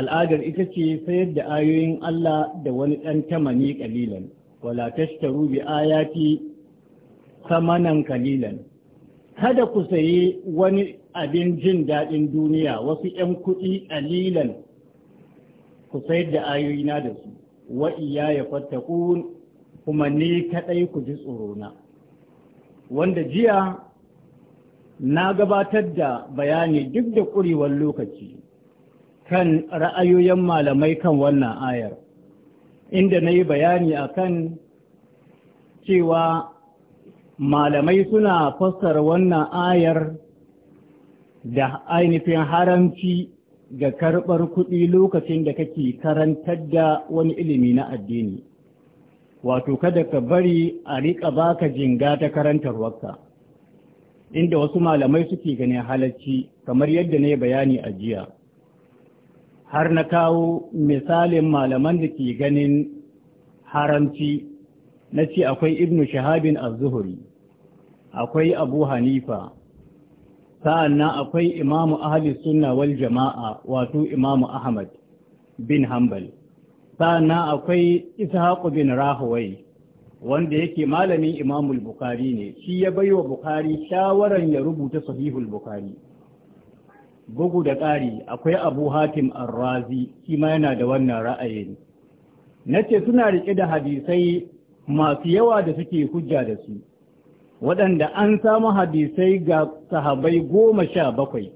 al'adar ita ce sayar da ayoyin Allah da wani ɗan tamani kalilan wala tashtaru bi ayati samanan kalilan kada ku sayi wani abin jin daɗin duniya wasu 'yan kuɗi kalilan ku sayar da ayoyina da su wa iya ya fattakun kuma ne kaɗai ku ji tsorona wanda jiya na gabatar da bayani duk da ƙurewar lokaci kan ra'ayoyin malamai kan wannan ayar inda na yi bayani a kan cewa malamai suna fassara wannan ayar da ainihin haramci ga karɓar kuɗi lokacin da kake karantar da wani ilimi na addini wato kada ka bari a riƙa baka jinga ta karantar karantarwarka inda wasu malamai suke ganin halarci kamar yadda na yi bayani a jiya har na kawo misalin malaman da ke ganin haramci na ce akwai ibnu shahabin az-zuhri akwai abu hanifa sa'an akwai imamu ahli sunna wal jama'a wato imamu ahmad bin hanbal sa'an akwai ishaqu bin rahawai wanda yake malamin imamul bukari ne shi ya wa bukari shawaran ya rubuta sahihul bukari bugu da ƙari akwai abu hatim arrazi shi ma yana da wannan ra'ayin na ce suna riƙe da hadisai masu yawa da suke hujja da su waɗanda an samu hadisai ga sahabai goma sha bakwai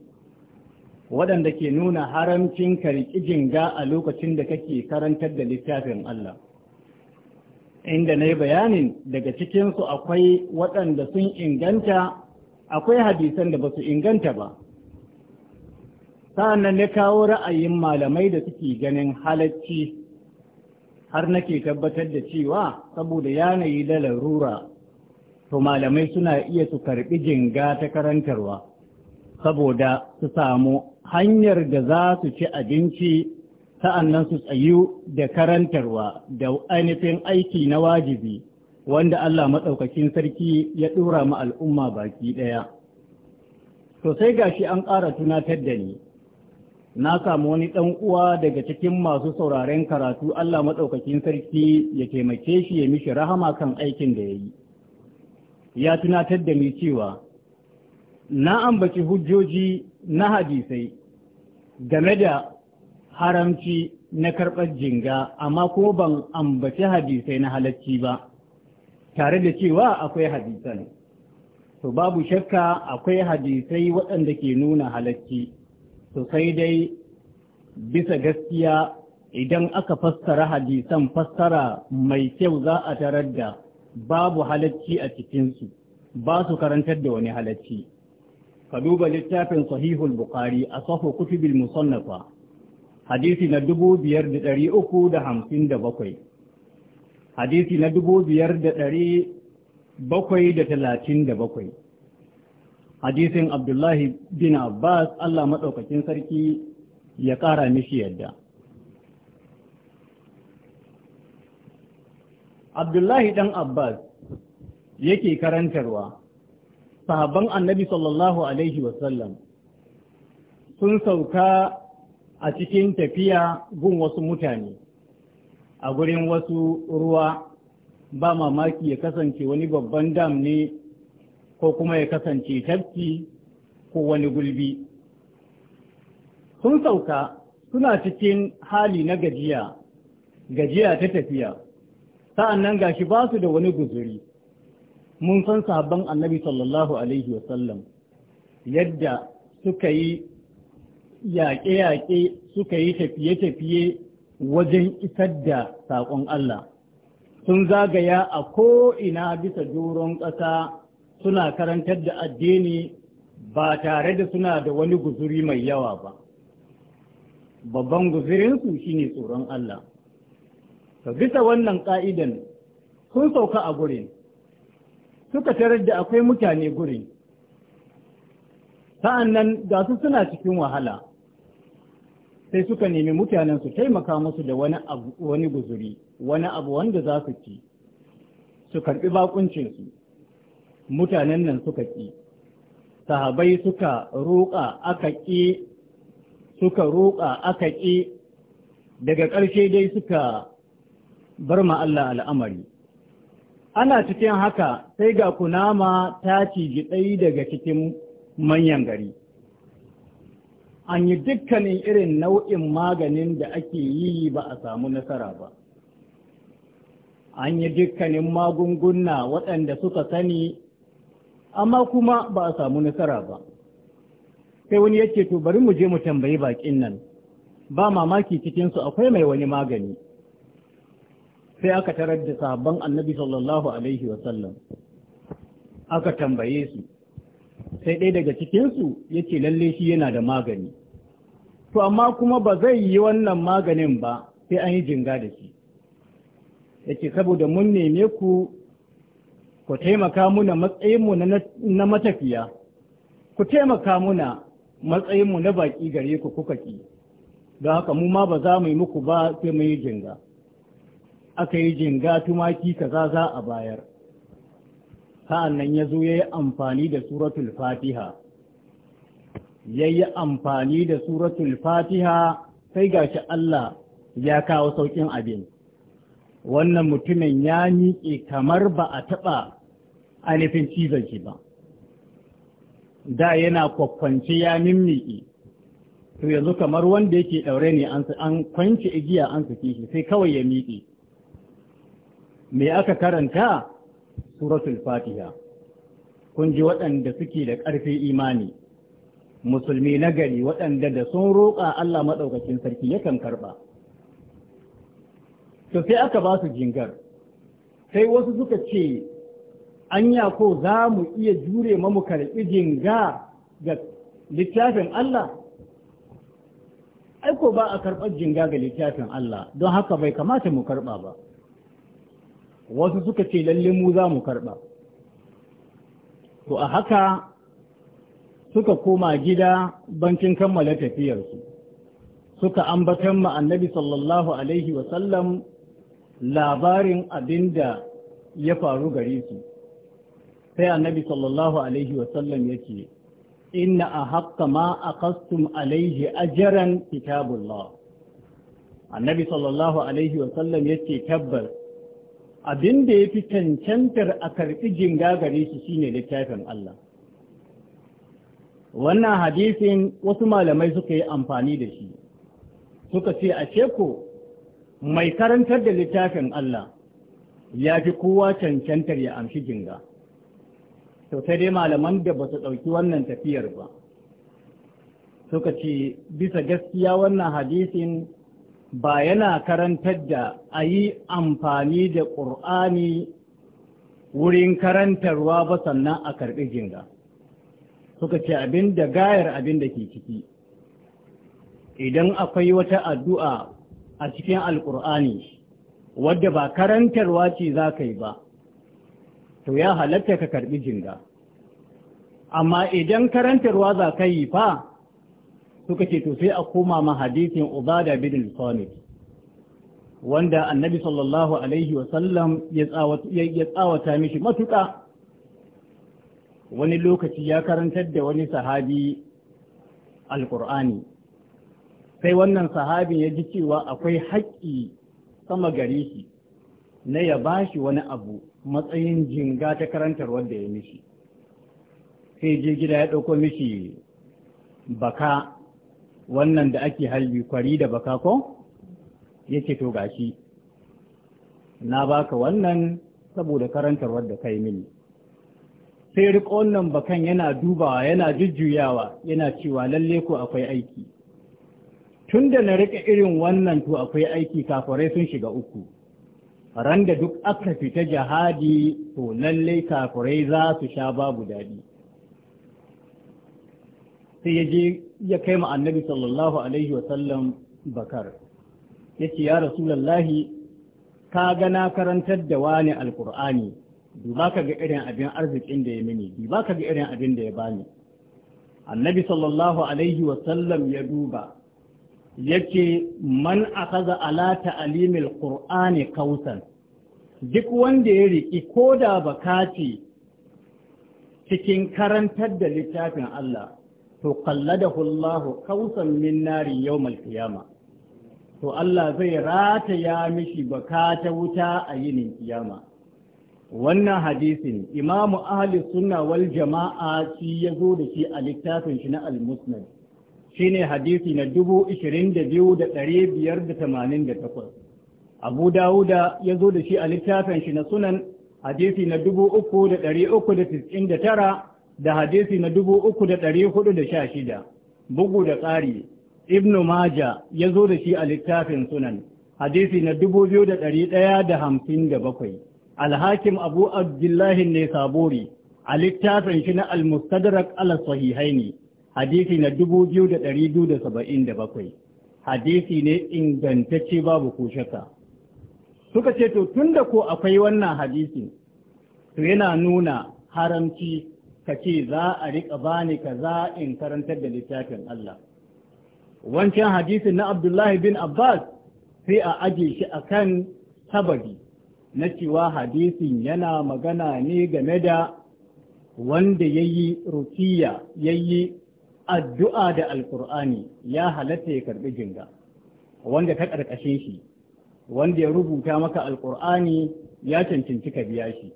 waɗanda ke nuna haramcin karki ga a lokacin da kake karantar da littafin Allah inda na yi bayanin daga cikinsu akwai waɗanda sun inganta akwai hadisan da ba su inganta ba sa'an nan ya kawo ra'ayin malamai da suke ganin halacci har nake tabbatar da cewa saboda yanayi da larura to malamai suna iya su karbi jinga ta karantarwa saboda su samu hanyar da za su ci abinci sa'annan su tsayu da karantarwa da ainihin aiki na wajibi wanda Allah matsaukakin sarki ya ɗora ma al'umma baki ɗaya. To sai gashi an ƙara tunatar da ni, na samu wani ɗan uwa daga cikin masu sauraren karatu Allah maɗaukakin sarki ya taimake shi ya mishi rahama kan aikin da ya yi. Ya tunatar da ni cewa, na ambaci hujjoji na hadisai game da haramci na karɓar jinga, amma ko ban ambaci hadisai na halacci ba, tare da cewa akwai hadisan. To babu shakka akwai hadisai waɗanda ke nuna halacci. to sai dai bisa gaskiya idan aka fassara hadisan fassara mai kyau za a tarar da babu halacci a cikinsu ba su karantar da wani halacci ka duba littafin sahihul bukhari a sahu kutubil musannafa hadisi na dubu biyar da ɗari uku da hamsin da bakwai hadisi na dubu biyar da ɗari bakwai da talatin da bakwai hadisin abdullahi bin abbas allah maɗaukakin sarki ya ƙara mishi yadda abdullahi ɗan abbas yake karantarwa sahabban annabi sallallahu alaihi wasallam sun sauka a cikin tafiya gun wasu mutane a gurin wasu ruwa ba mamaki ya kasance wani babban dam ne ko kuma ya kasance tafki ko wani gulbi sun sauka suna cikin hali na gajiya gajiya ta tafiya sa'annan gashi ba su da wani guzuri mun san sabon annabi sallallahu alaihi wasallam yadda suka yi yaƙe-yaƙe suka yi tafiye-tafiye wajen isar da saƙon Allah sun zagaya a ko'ina bisa doron ƙasa suna karantar da addini ba tare da suna da wani guzuri mai yawa ba babban guzurinsu shine tsoron Allah ka bisa wannan ka'idan sun sauka a gurin suka tarar da akwai mutane gurin sa'an nan ga su suna cikin wahala sai suka nemi mutanen su taimaka musu da wani wani guzuri wani abu wanda za su ci su karɓi bakuncinsu mutanen nan suka ƙi sahabai suka roƙa aka ƙi suka roƙa aka ƙi daga ƙarshe dai suka bar ma Allah al'amari ana cikin haka sai ga kunama ta ciji ɗaya daga cikin manyan gari an yi dukkanin irin nau'in maganin da ake yi ba a samu nasara ba an yi dukkanin magunguna waɗanda suka sani amma kuma ba a samu nasara ba sai wani yake to bari mu je mu tambayi bakin nan ba mamaki cikinsu akwai mai wani magani sai aka tarar da sabon annabi sallallahu alaihi wasallam aka tambaye su sai ɗaya daga cikinsu ya ce lalle shi yana da magani to amma kuma ba zai yi wannan maganin ba sai an yi jinga da shi Yake saboda mun neme ku ku taimaka muna matsayinmu na matafiya ku taimaka muna matsayinmu na baƙi gare ku kuka ƙi. don haka mu ma ba za mu yi muku ba sai mu yi jinga aka yi jinga tumaki kaza za a bayar sa'an nan ya zo ya yi amfani da suratul fatiha ya yi amfani da suratul fatiha sai ga shi Allah ya kawo sauƙin abin wannan mutumin ya miƙe kamar ba a taɓa ainihin cizon shi ba da yana kwakwance ya mimmiƙi to yanzu kamar wanda yake ɗaure ne an kwanci igiya an saki shi sai kawai ya miƙe me aka karanta suratul fatiha kun ji waɗanda suke da ƙarfin imani musulmi na gari waɗanda da sun roƙa Allah maɗaukacin sarki yakan karɓa to sai aka ba su jingar sai wasu suka ce anya ko za mu iya jure mamu karɓi jinga ga littafin Allah aiko ba a karɓar jinga ga littafin Allah don haka bai kamata mu karɓa ba wasu suka ce lalle mu za mu karɓa to a haka suka koma gida bankin kammala tafiyarsu suka ambatan ma annabi sallallahu alaihi wasallam labarin abinda ya faru gare su sai annabi sallallahu alaihi wasallam yake inna a haƙƙa ma a kastum alaihi ajaran kitabullah annabi sallallahu alaihi wasallam yake tabbas abinda da ya fi cancantar a karɓi jinga gare shi shine littafin Allah wannan hadisin wasu malamai suka yi amfani da shi suka ce a sheko mai karantar da littafin Allah ya fi kowa cancantar ya amshi jinga to sai dai malaman da ba su ɗauki wannan tafiyar ba suka ce bisa gaskiya wannan hadisin ba yana karantar da a yi amfani da ƙur'ani wurin karantarwa ba sannan a karɓi jinga suka ce abin da gayar abin da ke ciki idan akwai wata addu'a a cikin alƙur'ani wadda ba karantarwa ce za ka yi ba to ya halatta ka karbi jinga amma idan karantarwa za ka yi fa suka ce to sai a koma ma hadisin ubada bin samit wanda annabi sallallahu alaihi wasallam ya tsawata mishi matuƙa wani lokaci ya karantar da wani sahabi al al-qur'ani sai wannan sahabin ya ji cewa akwai haƙƙi sama gare shi na ya bashi wani abu matsayin jinga ta karantar wanda ya mishi sai je gida ya ɗauko mishi baka wannan da ake halbi kwari da baka ko yake to gashi na baka wannan saboda karantar wadda kai mini sai riƙo wannan bakan yana dubawa yana jujjuyawa yana cewa lalle ko akwai aiki Tunda na riƙe irin wannan to akwai aiki kafarai sun shiga uku randa duk aka fita jihadi to lalle kafirai za su sha babu daɗi sai ya je ya kai ma annabi sallallahu alaihi wa sallam bakar ya ce ya rasulallahi ka ga na karantar da wani alkur'ani duba ka ga irin abin arzikin da ya mini duba ka ga irin abin da ya bani annabi sallallahu alaihi wa sallam ya duba yake man akaza ala ta'alimil ƙur'ani kausan duk wanda ya riƙi ko da bakati cikin karantar da littafin Allah to da Hullahu kausan min nari yawmal qiyama to Allah zai rataya mishi bakata wuta a yinin kiyama wannan hadisin imamu ahli sunna wal jama'a shi yazo da shi a littafin shi na al-musnad shine hadisi na 22,588 abu dawuda ya zo da shi a littafin shi na sunan hadisi na 3,399 da hadisi na 3,416 bugu da tsari ibnu maja ya zo da shi a littafin sunan hadisi na 2,157 alhakim abu abdullahi ne sabori a littafin shi na al-mustadrak ala sahihaini hadisi na 2277 hadisi ne ingantacce babu ko shaka. suka ce to tunda ko akwai wannan hadisin, to yana nuna haramci ka ce za a riƙa bani za in karantar da littafin Allah wancan hadisin na Abdullahi bin Abbas sai a aje shi a kan sababi na cewa hadisin yana magana ne game da wanda yayi yi rukiya ya addu'a da alkur'ani ya halatta ya karɓi jinga wanda ka ƙarƙashin shi wanda ya rubuta maka alkur'ani ya cancanci ka biya shi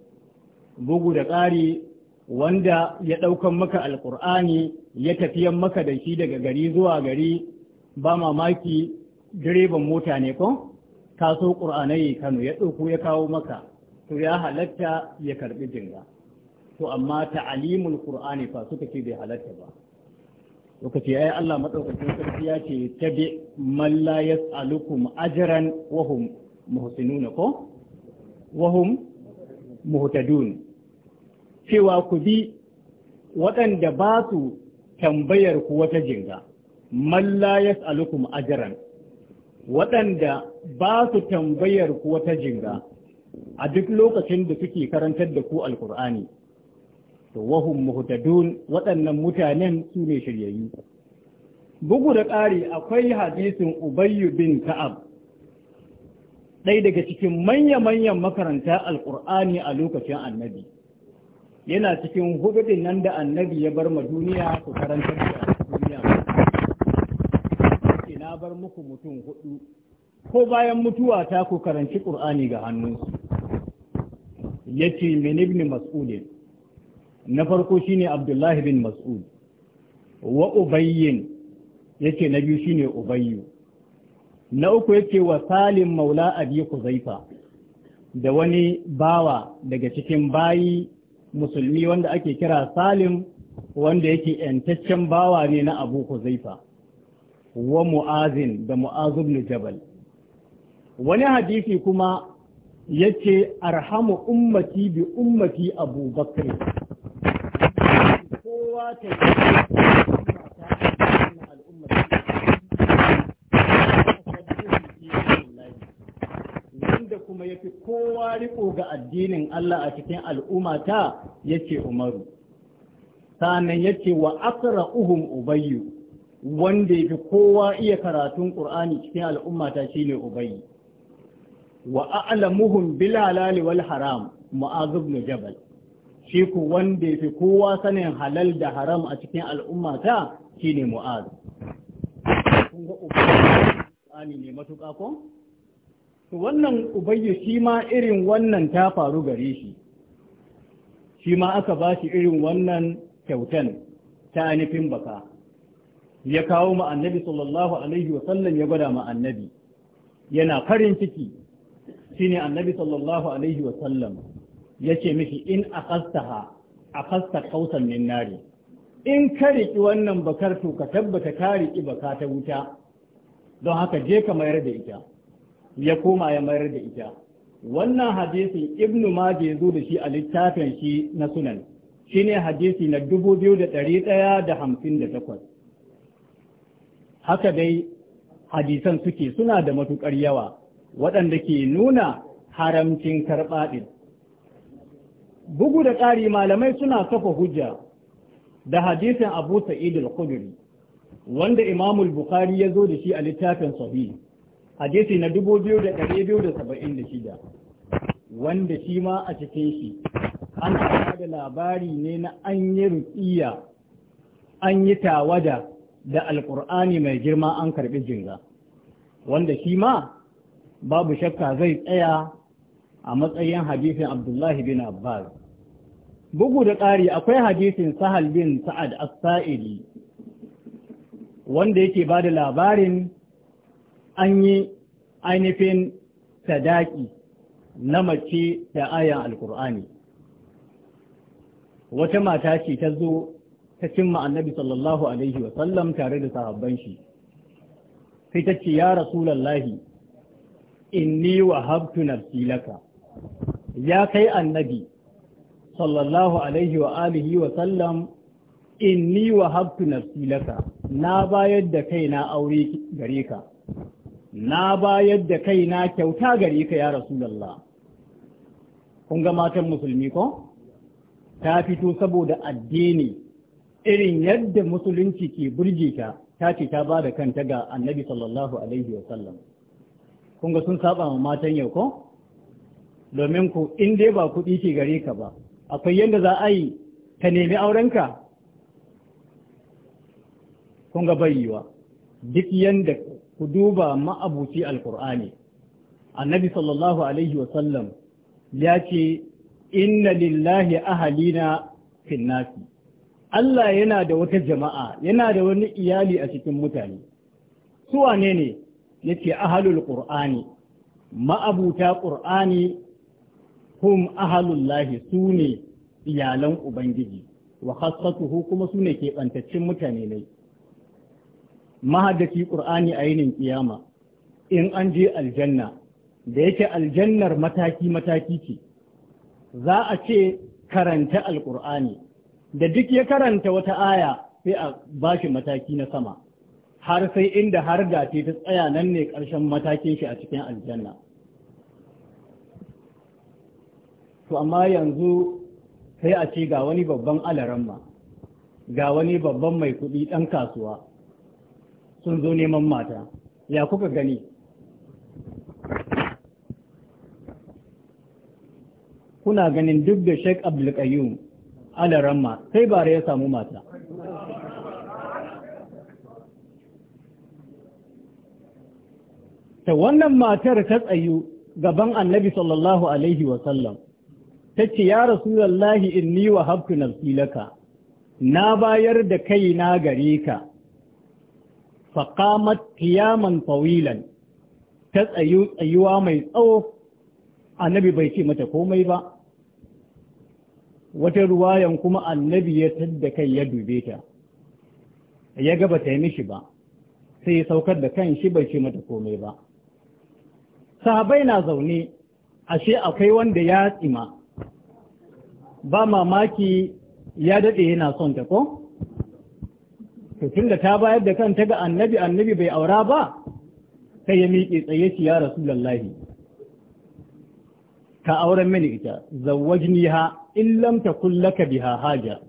bugu da ƙari wanda ya ɗaukan maka alkur'ani ya tafiyan maka da shi daga gari zuwa gari ba mamaki direban mota ne ko Ka so ƙur'anai kano ya ɗauko ya kawo maka to ya halatta ya karɓi jinga to amma ta'alimul qur'ani fa suka ce bai halatta ba lokaci ai Allah madaukakin sarki ya ce tabi man la yas'alukum ajran wa hum muhsinun ko wa hum cewa ku bi waɗanda ba su tambayar ku wata jinga man la yas'alukum ajran waɗanda ba su tambayar ku wata jinga a duk lokacin da suke karantar da ku alkur'ani to wahum muhtadun waɗannan mutanen su ne shiryayyu bugu da ƙari akwai hadisin ubayyu bin ka'ab ɗaya daga cikin manya-manyan makaranta alƙur'ani a lokacin annabi yana cikin hududin nan da annabi ya bar ma duniya su karanta da duniya ina bar muku mutum hudu ko bayan mutuwa ta ku karanci ƙur'ani ga hannunsu yace min ibn mas'udin na farko shine abdullahi bin mas'ud wa ubayyin yake na biyu shine ubayyu na uku yake wa salim maula abi kuzaifa da wani bawa daga cikin bayi musulmi wanda ake kira salim wanda yake yantaccen bawa ne na abu kuzaifa wa mu'azin da mu'azu ibn jabal wani hadisi kuma yace arhamu ummati bi ummati abubakar kowa ta kuma ya fi kowa riko ga addinin Allah a cikin al'ummata ya ce Umaru. Sannan ya ce wa asra uhun ubayyu wanda ya fi kowa iya karatun ƙur'ani cikin al'ummata shi ne ubayyu. Wa a'lamuhum bil halali wal haram mu'azib jabal. shi ku wanda ya fi kowa sanin halal da haram a cikin al'ummata shine mu'az kun ga ubayyu ne matuƙa ko to wannan ubayyu shi ma irin wannan ta faru gare shi shi ma aka ba shi irin wannan kyautan ta anifin baka ya kawo ma annabi sallallahu alaihi wa sallam ya gwada ma annabi yana farin ciki Shi ne annabi sallallahu alaihi wa sallam ya ce mishi in a aqastaha a kasta min nari in ka riki wannan bakar to ka tabbata ka riki baka ta wuta don haka je ka mayar da ita ya koma ya mayar da ita wannan hadisin ibnu ya zo da shi a littafin shi na sunan shi ne hadisi na dubu biyu da da da hamsin ɗaya takwas haka dai hadisan suke suna da matukar yawa waɗanda ke nuna haramcin karɓaɗin bugu da ƙari malamai suna kafa hujja da hadisin abu sa'id al-khudri wanda imam al-bukhari ya zo da shi a littafin sahih hadisi na 2276 wanda shi ma a cikin shi an da labari ne na an yi ruqiya an yi tawada da alkur'ani mai girma an karbi jinga wanda shi ma babu shakka zai tsaya a matsayin hadisin Abdullahi bin Abbas. Bugu da ƙari akwai hadisin Sahal bin Sa'ad As-Sa'idi wanda yake ba da labarin an yi ainihin sadaki na mace da ayan Alƙur'ani. Wata mata ce ta zo ta cimma annabi sallallahu Alaihi wasallam tare da sahabban shi. Sai ta ce, Ya Rasulallahi, inni wa habtu nafsi laka ya kai annabi sallallahu alaihi wa alihi wa sallam inni wa habtu nafsi laka na bayar da kaina aure gare ka na bayar da kaina kyauta gare ka ya rasulullah kun ga matan musulmi ko ta fito saboda addini irin yadda musulunci ke burge ta ta ce ta ba kanta ga annabi sallallahu alaihi wa sallam kun ga sun saba ma matan yau ko domin ku in dai ba kuɗi ke gare ka ba akwai yadda za a yi ta nemi aurenka kun ga bayyuwa duk yadda ku duba ma'abuci alkur'ani annabi sallallahu alaihi wasallam ya ce inna lillahi ahalina finnasi Allah yana da wata jama'a yana da wani iyali a cikin mutane su wane ne yace ahalul qur'ani ma'abuta qur'ani hum ahalullahi su ne iyalan ubangiji wa khassatuhu kuma su ne keɓantaccen mutane ne mahadaci qur'ani a yinin kiyama in an je aljanna da yake aljannar mataki mataki ce za a ce karanta alqur'ani da duk ya karanta wata aya sai a bashi mataki na sama har sai inda har gafe ta tsaya nan ne ƙarshen matakin shi a cikin aljanna to amma yanzu sai a ce ga wani babban alaramma ga wani babban mai kuɗi ɗan kasuwa sun zo neman mata ya kuka gani kuna ganin duk da sheik abdulkayyum alaramma sai bara ya samu mata ta wannan matar ta tsayu gaban annabi sallallahu alaihi wasallam ta ce ya rasu, rasulallahi inni wa habtu nafsi laka na bayar da kai na gare ka faqamat kiyaman fawilan ta tsayu tsayuwa mai tsawo annabi bai ce mata komai ba wata ruwayan kuma annabi ya tadda kai ya dube ta ya gaba ta yi mishi ba sai ya saukar da kan shi bai ce mata komai ba sahabai na zaune ashe akwai wanda ya tsima ba mamaki ya daɗe yana son ta ko? tun da ta bayar da kanta ga annabi annabi bai aura ba sai ya miƙe tsaye ci ya lallahi. ka auren mini ita zawwajniha in lam takul laka biha haja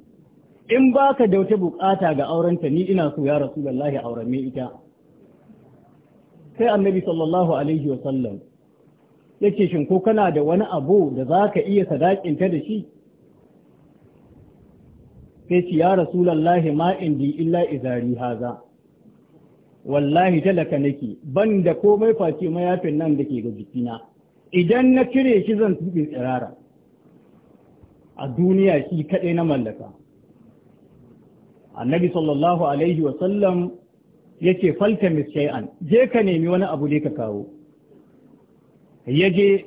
in baka da wata bukata ga aurenta ni ina so ya lallahi auren me ita sai annabi sallallahu alaihi wa sallam yake shin ko kana da wani abu da za ka iya sadakinta da shi sai ce ya rasulallahi ma indi illa izari haza wallahi talaka nake ban da komai face mayafin nan da ke ga jikina idan na cire shi zan tuɓe tsirara a duniya shi kaɗai na mallaka annabi sallallahu alaihi wasallam ya ce falta an, je ka nemi wani abu da ka kawo ya je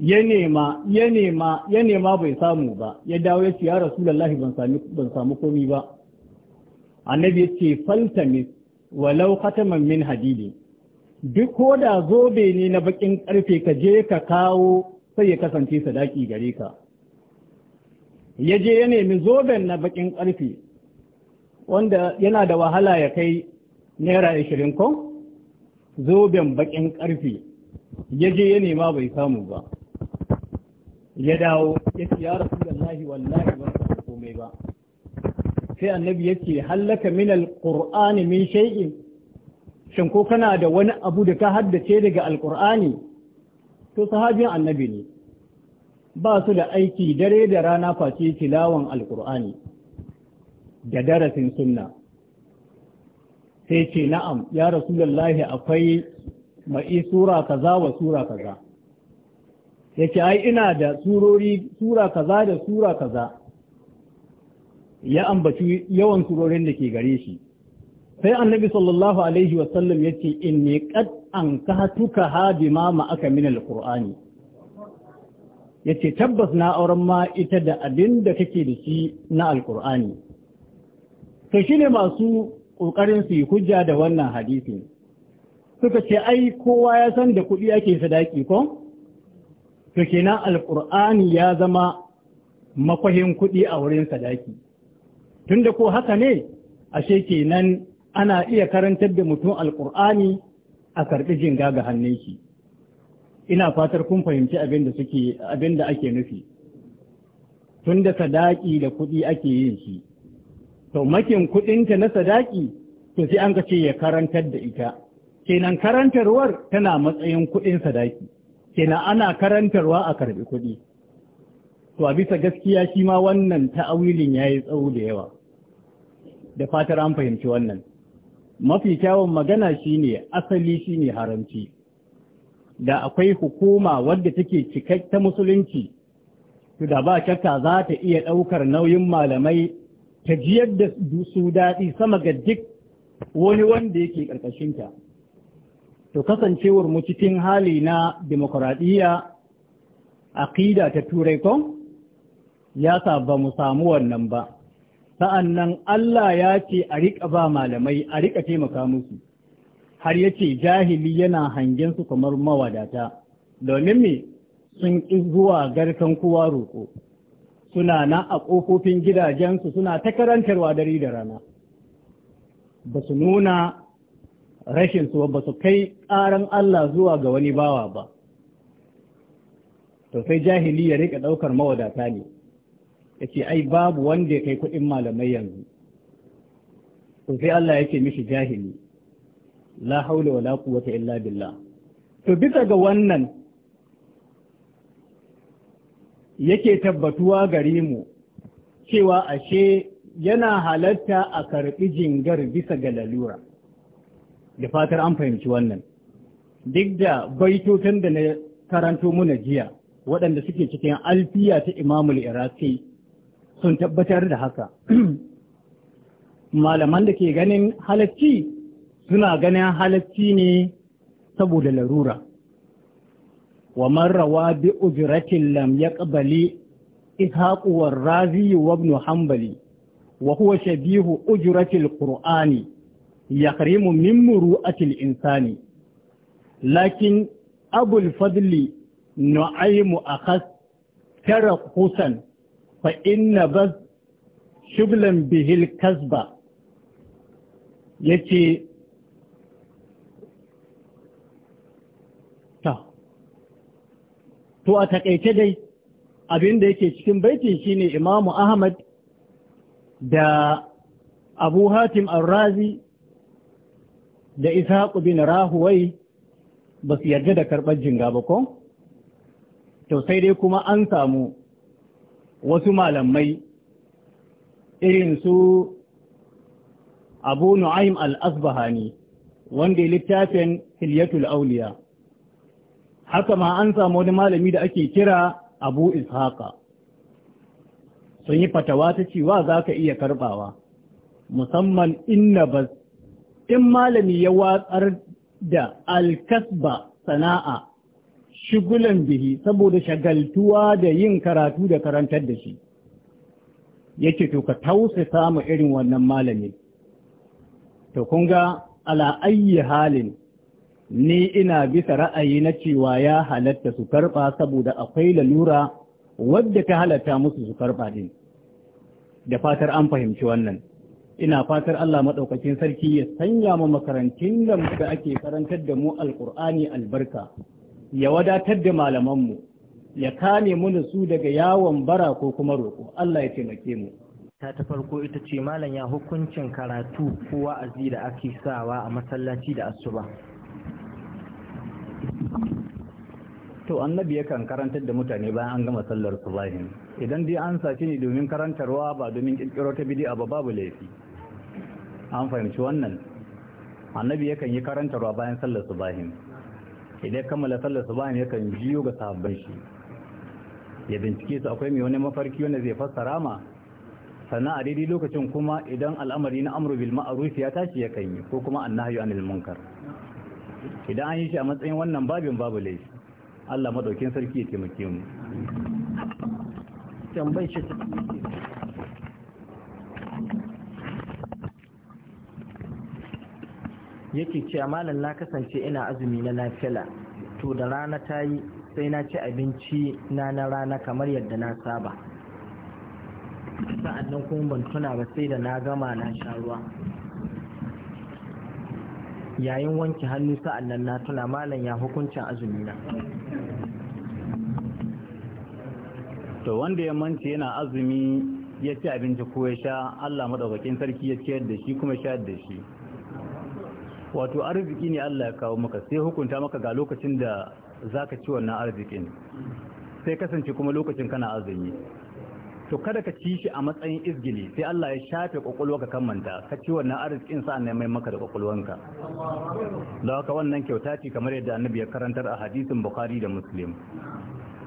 ya nema bai samu ba ya dawo ya ce ya rasu ban sami ban samu komai ba annabi ya ce faltamis walau khataman min hadidi duk ko da zobe ne na bakin karfe ka je ka kawo sai ya kasance sadaki gare ka ya je ya nemi zoben na bakin karfe wanda yana da wahala ya kai naira ashirin ko zoben bakin karfe ya je ya nema bai samu ba ya dawo ya ce ya rasu da rasulullahi wallahi ban samu komai ba sai annabi ya ce hallaka min Alƙur'ani min shay'in shin ko kana da wani abu da ka haddace daga Alƙur'ani? to sahabin annabi ne ba su da aiki dare da rana face tilawan Alƙur'ani da darasin sunna sai ce na'am ya rasu da lahi akwai mai sura kaza wa sura kaza yake ai ina da surori sura kaza da sura kaza ya ambaci yawan surorin da ke gare shi sai annabi sallallahu alaihi wa ya ce inni qad an kahatuka hadima ma aka min alqur'ani yace tabbas na auren ma ita da abin da kake da shi na alqur'ani to shine masu kokarin su yi hujja da wannan hadisi suka ce ai kowa ya san da kuɗi ake sadaki ko to kenan alƙur'ani ya zama makwahin kuɗi a wurin sadaki tunda ko haka ne ashe kenan ana iya karantar da mutum alƙur'ani a karɓi jinga ga hannun shi ina fatar kun fahimci abin da suke abin da ake nufi tunda sadaki da kuɗi ake yin shi to makin kuɗinta na sadaki to sai an ka ce ya karantar da ita kenan karantarwar tana matsayin kuɗin sadaki kena ana karantarwa a karbi kuɗi to a bisa gaskiya shi ma wannan ta'awilin ya yi tsawo da yawa da fatar an fahimci wannan mafi kyawun magana ne, asali shi ne haramci da akwai hukuma wadda take ta musulunci to da ba shakka za ta iya ɗaukar nauyin malamai ta jiyar da su daɗi sama ga duk wani wanda yake ƙarƙashinta. to kasancewar mu cikin hali na demokuraɗiyya aƙida ta turai kon ya sa ba mu samu wannan ba Sa'annan Allah ya ce a riƙa ba malamai a riƙa taimaka musu har ya ce jahili yana hangen su kamar mawadata domin me sun ƙi zuwa garkan kowa roƙo suna na a ƙofofin gidajensu suna ta karantarwa dare da rana ba su nuna rashin su ba su kai ƙaran Allah zuwa ga wani bawa ba to sai jahili ya rika ɗaukar mawadata ne yace ai babu wanda ya kai kuɗin malamai yanzu to sai Allah yake mishi jahili la haula wala quwwata illa billah to bisa ga wannan yake tabbatuwa gare mu cewa ashe yana halatta a karɓi jingar bisa ga lalura da fatar an fahimci wannan duk da baitotan da na karanto muna jiya waɗanda suke cikin alfiya ta imamul iraki sun tabbatar da haka malaman da ke ganin halacci suna ganin halacci ne saboda larura wa marrawa bi ujratin lam yaqbali ishaqu war razi wa ibn hanbali wa huwa shabihu ujratil qur'ani ya karimu min muru atil insani lakin abul fadli na aimu a kas tara kusan fa inna ba shublan bihil kasba ya ce to a taƙaice dai abinda yake cikin baitin shine imamu ahmad da abu hatim al-razi da ishaqu bin rahuwai ba su yarda da karɓar jinga ba ko to sai dai kuma an samu wasu malamai irin su abu nu'aim al-asbahani wanda littafin hilyatul auliya haka ma an samu wani malami da ake kira abu ishaqa sun yi fatawa ta cewa za ka iya karɓawa. musamman inna ba in malami ya watsar da alkasba sana'a shigulan bihi saboda shagaltuwa da yin karatu da karantar da shi yake to ka tausa samu irin wannan malami to kun ga ala ayyi halin ni ina bisa ra'ayi na cewa ya halatta su karba saboda akwai lalura wadda ta halatta musu su karba din da fatar an fahimci wannan ina fatar Allah maɗaukakin sarki ya sanya mu makarantun da muka ake karantar da mu alƙur'ani albarka ya wadatar da malamanmu ya kame mu da su daga yawon bara ko kuma roƙo Allah ya taimake mu ta ta farko ita ce malam ya hukuncin karatu ko wa'azi da ake sawa a masallaci da asuba to annabi yakan karantar da mutane bayan an gama sallar subahin idan dai an sace ne domin karantarwa ba domin kirkiro ta bidi ba babu laifi an fahimci wannan annabi yakan yi karantarwa bayan sallar subahin idan kammala sallar subahin yakan jiyo ga sahabban shi ya bincike su akwai mai wani mafarki wanda zai fassara ma sannan a daidai lokacin kuma idan al'amari na amru bil ma'ruf ya tashi yakan yi ko kuma annahyu anil munkar idan an yi shi a matsayin wannan babin babu laifi Allah madaukin sarki ya taimake mu tambayar yake ce malam na kasance ina azumi na nafila to da rana ta yi sai na ci abinci na na rana kamar yadda na saba Sa'ad nan kuma ban tuna ba sai da na gama na sha ruwa yayin wanke hannu sa'ad nan na tuna malam ya hukuncin azumi na to wanda ya manci yana azumi ya ci abinci ko ya sha Allah madaukakin sarki ya ciyar da shi kuma sha da shi wato arziki ne Allah ya kawo maka sai hukunta maka ga lokacin da zaka ci wannan arzikin sai kasance kuma lokacin kana azumi to kada ka ci shi a matsayin izgili sai Allah ya shafe kwakwalwa ka kammanta ka ci wannan arzikin sa'an mai maka da kwakwalwanka da haka wannan kyauta ce kamar yadda annabi ya karantar a hadisin bukhari da muslim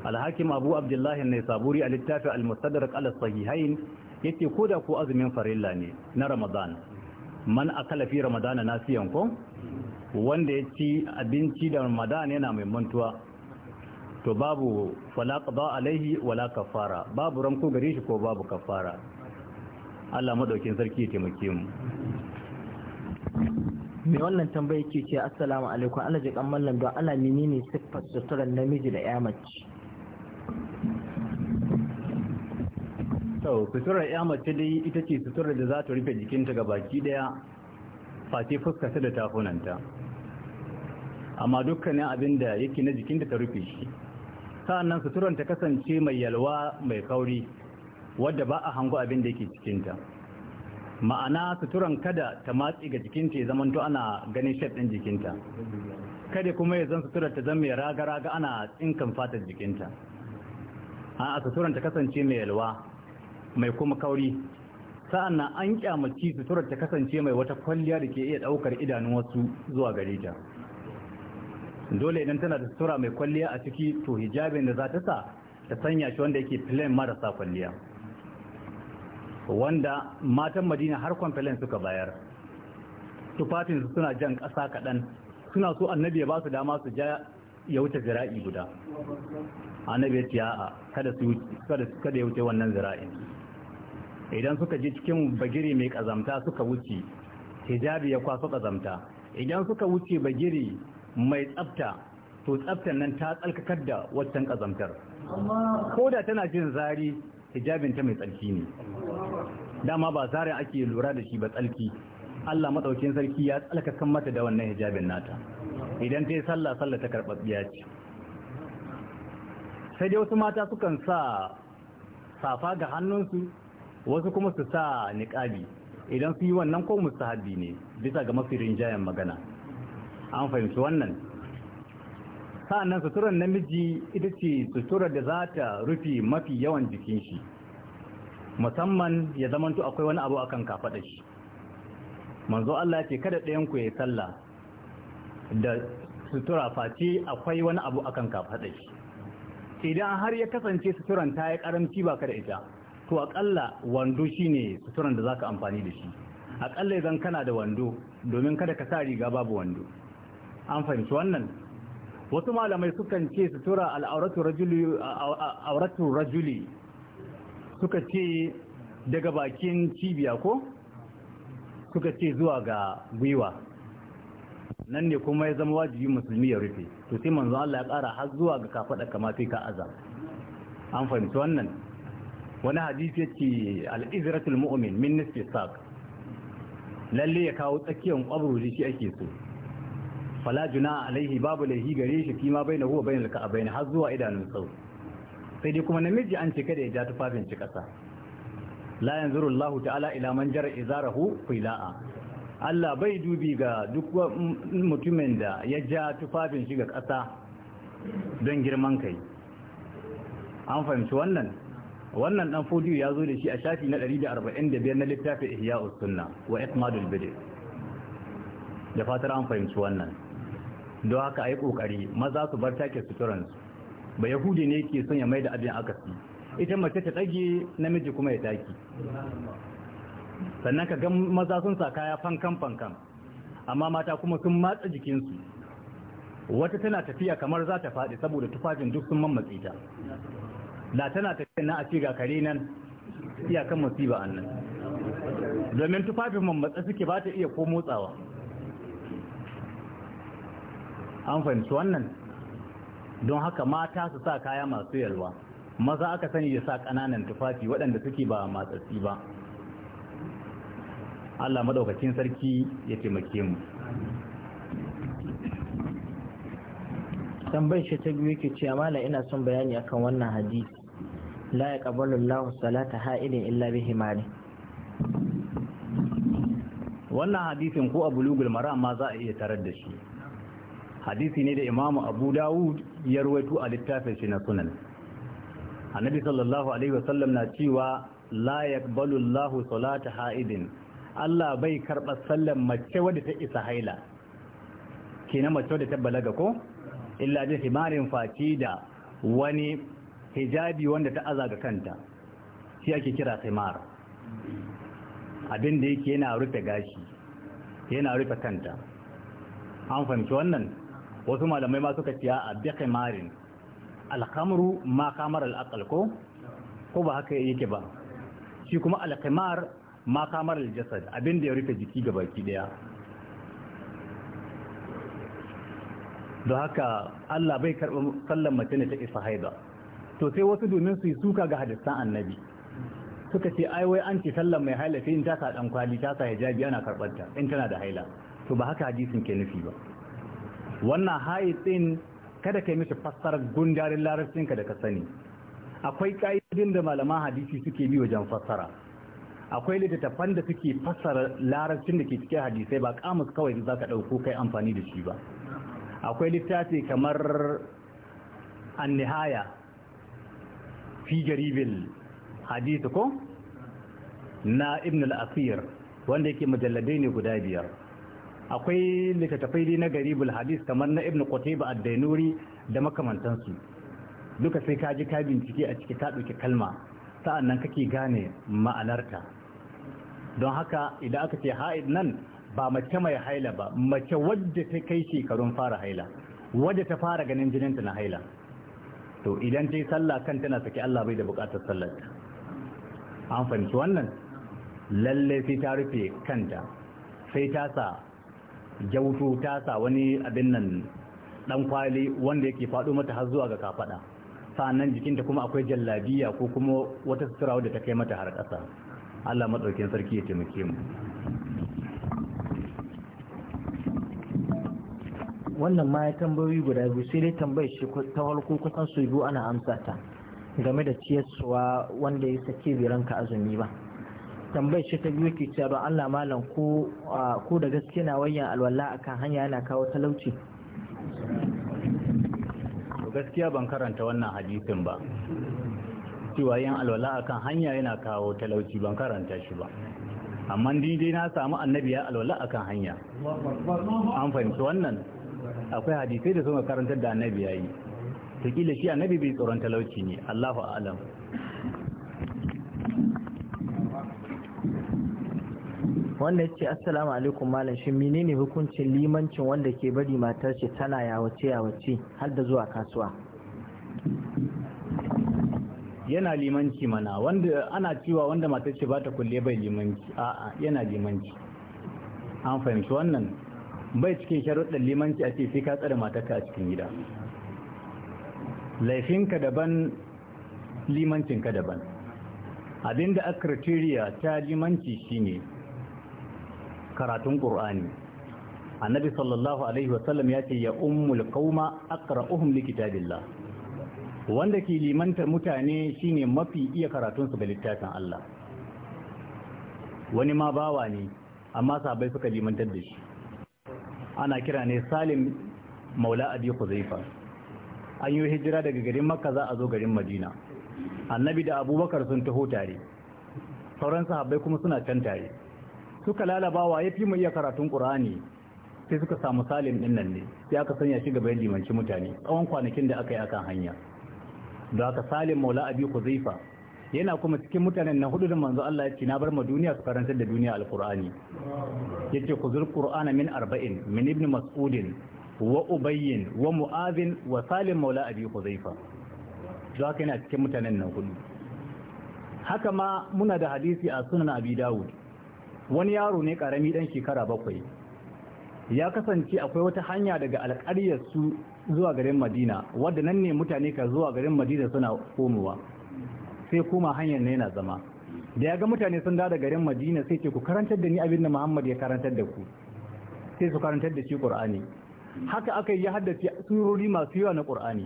alhakim abu abdullahi ne saburi a littafi al-mustadrak ala sahihain yake ko da ko azumin farilla ne na ramadan man akala fi ramadana nasiyan ko wanda ya ci abinci da ramadana yana mai mantuwa to babu wala qada alaihi wala kafara babu ranko gare shi ko babu kafara Allah madaukin sarki ya taimake mu mai wannan tambaya ke ce assalamu alaikum Allah ji kan mallam don Allah menene siffar suturar namiji da ya mace to suturar ya mace dai ita ce suturar da za ta rufe jikinta ga baki daya face ta da tafunanta amma dukkanin abin da yake na jikinta ta rufe shi sa'annan suturar ta kasance mai yalwa mai kauri wadda ba a hango abin da yake cikinta ma'ana suturan kada ta matsi ga jikinta ya zamanto ana ganin shaf ɗin jikinta kada kuma ya zan suturar ta zama raga-raga ana tsinkan fatar jikinta a suturan ta kasance mai yalwa mai kuma kauri sa'an nan an kyamaci suturar ta kasance mai wata kwalliya da ke iya ɗaukar idanun wasu zuwa gare ta dole idan tana da sutura mai kwalliya a ciki to hijabin da za ta sa ta sanya shi wanda yake filen marasa kwalliya wanda matan madina har kwamfilin suka bayar su suna jan ƙasa kaɗan suna so annabi ya ba su dama su ja ya wuce zira'i guda annabi ya ce a'a kada ya wuce wannan zira'in idan suka ji cikin bagiri mai kazamta suka wuce hijabi ya kwaso kazamta idan suka wuce bagiri mai tsafta to tsafta nan ta tsalkakar da waccan kazamtar ko da tana jin zari hijabin ta mai tsarki ne dama ba zari ake lura da shi ba tsalki Allah madaukin sarki ya tsalkakar mata da wannan hijabin nata idan ta yi sallah sallah ta karɓaɓɓiya ce sai dai wasu mata sukan sa safa ga hannunsu wasu kuma su sa niƙabi idan su yi wannan ko mustahabi ne bisa ga mafi rinjayen magana an fahimci wannan sa'annan suturar namiji ita ce suturar da za ta rufe mafi yawan jikin shi musamman ya zamanto akwai wani abu akan kafaɗa shi manzo Allah ce kada ɗayan ku ya sallah da sutura face akwai wani abu akan kafaɗa shi idan har ya kasance suturan ta yi ƙaramci ba kada ita to akalla wando shine suturan da zaka amfani da shi aƙalla idan kana da wando domin kada ka sa riga babu wando an fahimci wannan wasu malamai sukan ce sutura al'auratu rajuli auratu rajuli suka ce daga bakin cibiya ko suka ce zuwa ga gwiwa nan ne kuma ya zama wajibi musulmi ya rufe to sai manzo Allah ya ƙara har zuwa ga kafada kamata ka aza an fahimci wannan wani hadisi yake al'izratul mu'min min nisfi saq lalle ya kawo tsakiyar kwabro da shi ake so fala juna alaihi babu laihi gare shi kima bai na huwa bai na har zuwa idanun sau sai dai kuma namiji an cika da ya ja tufafin shi kasa la yanzuru Allah ta'ala ila man jara izarahu quila'a Allah bai dubi ga duk mutumin da ya ja tufafin shi ga kasa don girman kai an fahimci wannan wannan dan fodiyo ya zo da shi a shafi na 145 na littafin Ihya sunna wa itmadul bid'ah da fatar an fahimci wannan don haka ayi kokari maza su bar take suturan ba yahudi ne ke son ya mai da abin akasi ita mace ta tsage namiji kuma ya taki sannan ka ga maza sun sa kaya fankan fankan amma mata kuma sun matsa jikinsu wata tana tafiya kamar za ta faɗi saboda tufafin duk sun mammatsi ta da tana tafiya na a ce kare nan iyakan a annan domin tufafin mammatsa suke ba ta iya ko motsawa an fahimci wannan don haka mata su sa kaya masu yalwa maza aka sani da sa kananan tufafi waɗanda suke ba matsatsi ba Allah maɗaukacin sarki ya taimake mu tambayar shi ta biyu yake cewa amma ina son bayani akan wannan hadisi la ya ƙabalin lahun salata ha'ilin illa bihi mani wannan hadisin ko a bulugul mara ma za a iya tarar da shi hadisi ne da imamu abu dawud ya ruwaito a littafin shi na sunan annabi sallallahu alaihi wasallam na cewa la yaqbalu Allahu salata haidin Allah bai karba sallan mace wadda ta isa haila Kina mace wadda ta balaga ko illa bi himarin faci da wani hijabi wanda ta aza ga kanta shi ake kira khimar abin da yake yana rufe gashi yana rufe kanta an fahimci wannan wasu malamai ma suka ciya a bi khimarin alkamru ma kamar al'aqal ko ko ba haka yake ba shi kuma alkhimar ma kamar aljasad abin da ya rufe jiki ga baki daya don haka Allah bai karɓi sallan mace ne ta isa haida to sai wasu domin su yi suka ga hadisan annabi suka ce ai wai an ce sallan mai haila sai in ta sa dan kwali ta sa hijabi ana karbar ta in tana da haila to ba haka hadisin ke nufi ba wannan haid din kada kai mishi fassarar gundarin larabcin ka da ka sani akwai ka'idodin da malaman hadisi suke bi wajen fassara akwai littattafan da suke fassara larabcin da ke cikin hadisai ba kamus kawai za ka ɗauko kai amfani da shi ba akwai littafi kamar annihaya fi jaribin ko na ibn al-asir wanda yake mujalladai ne guda biyar akwai littattafai ne na garibul hadith kamar na ibn qutayba ad-dainuri da makamantansu duka sai ka ji ka bincike a ciki ka ɗauki kalma sa'annan kake gane ma'anarta don haka idan aka ce ha'id nan ba mace mai haila ba mace wadda ta kai shekarun fara haila wadda ta fara ganin jininta na haila to idan ta yi sallah kan tana saki Allah bai da bukatar sallar an fahimci wannan lalle sai ta rufe kanta sai ta sa jautu ta sa wani abin nan dan kwali wanda yake faɗo mata har zuwa ga kafada sannan jikinta kuma akwai jallabiya ko kuma wata sutura wadda ta kai mata har ƙasa Allah madaukakin sarki ya taimake mu wannan ma ya tambayoyi guda biyu sai dai tambayar shi ta farko kusan su biyu ana amsa ta game da ciyarsuwa wanda ya sake bai ranka azumi ba tambayar shi ta biyu ke cewa don Allah malam ko ko da gaske na wayan alwala akan hanya yana kawo talauci gaskiya ban karanta wannan hadisin ba cewa yin alwala akan hanya yana kawo talauci ban karanta shi ba amma dai na samu annabi ya alwala akan hanya an fahimci wannan akwai hadisai da suka makarantar da annabi yayi to kila shi annabi bai tsoron talauci ne Allahu a'lam wanda ya ce assalamu alaikum malam shi menene hukuncin limancin wanda ke bari matar shi tana yawace yawace har da zuwa kasuwa yana limanci mana wanda ana cewa wanda matar shi ba ta kulle bai limanci a'a yana limanci an fahimci wannan bai cikin sharuɗin limanci a ce sai ka matarka a cikin gida laifinka daban limancinka daban abinda a kriteriya ta limanci shine karatun ƙur'ani annabi sallallahu alaihi wasallam ya ce ya ummul uhun likita likitabillah wanda ke limanta mutane shine mafi iya karatunsu ga littafin Allah wani ma bawa ne amma sabai suka limantar da shi ana kira ne salim maula abi huzaifa an yi hijira daga garin makka za a zo garin madina annabi da abubakar sun taho tare sauran sahabbai kuma suna can tare suka lalabawa ya fi mu iya karatun ƙur'ani sai suka samu salim ɗin nan ne sai aka sanya shi gaba limanci mutane tsawon kwanakin da aka yi akan hanya da aka salim maula abi huzaifa yana kuma cikin mutanen na hudu da manzo Allah ya ce na bar ma duniya su karanta da duniya alqur'ani yace ku zur qur'ana min arba'in min ibn mas'udin wa ubayy wa mu'adh wa salim maula abi huzaifa zuwa yana cikin mutanen nan hudu haka ma muna da hadisi a sunan abi dawud wani yaro ne karami dan shekara bakwai ya kasance akwai wata hanya daga alƙaryar su zuwa garin madina wadda nan ne mutane ka zuwa garin madina suna komowa sai kuma hanyar ne yana zama da ya ga mutane sun dada da garin madina sai ce ku karantar da ni abin da muhammad ya karantar da ku sai su karantar da shi qur'ani haka aka yi haddace surori masu yawa na qur'ani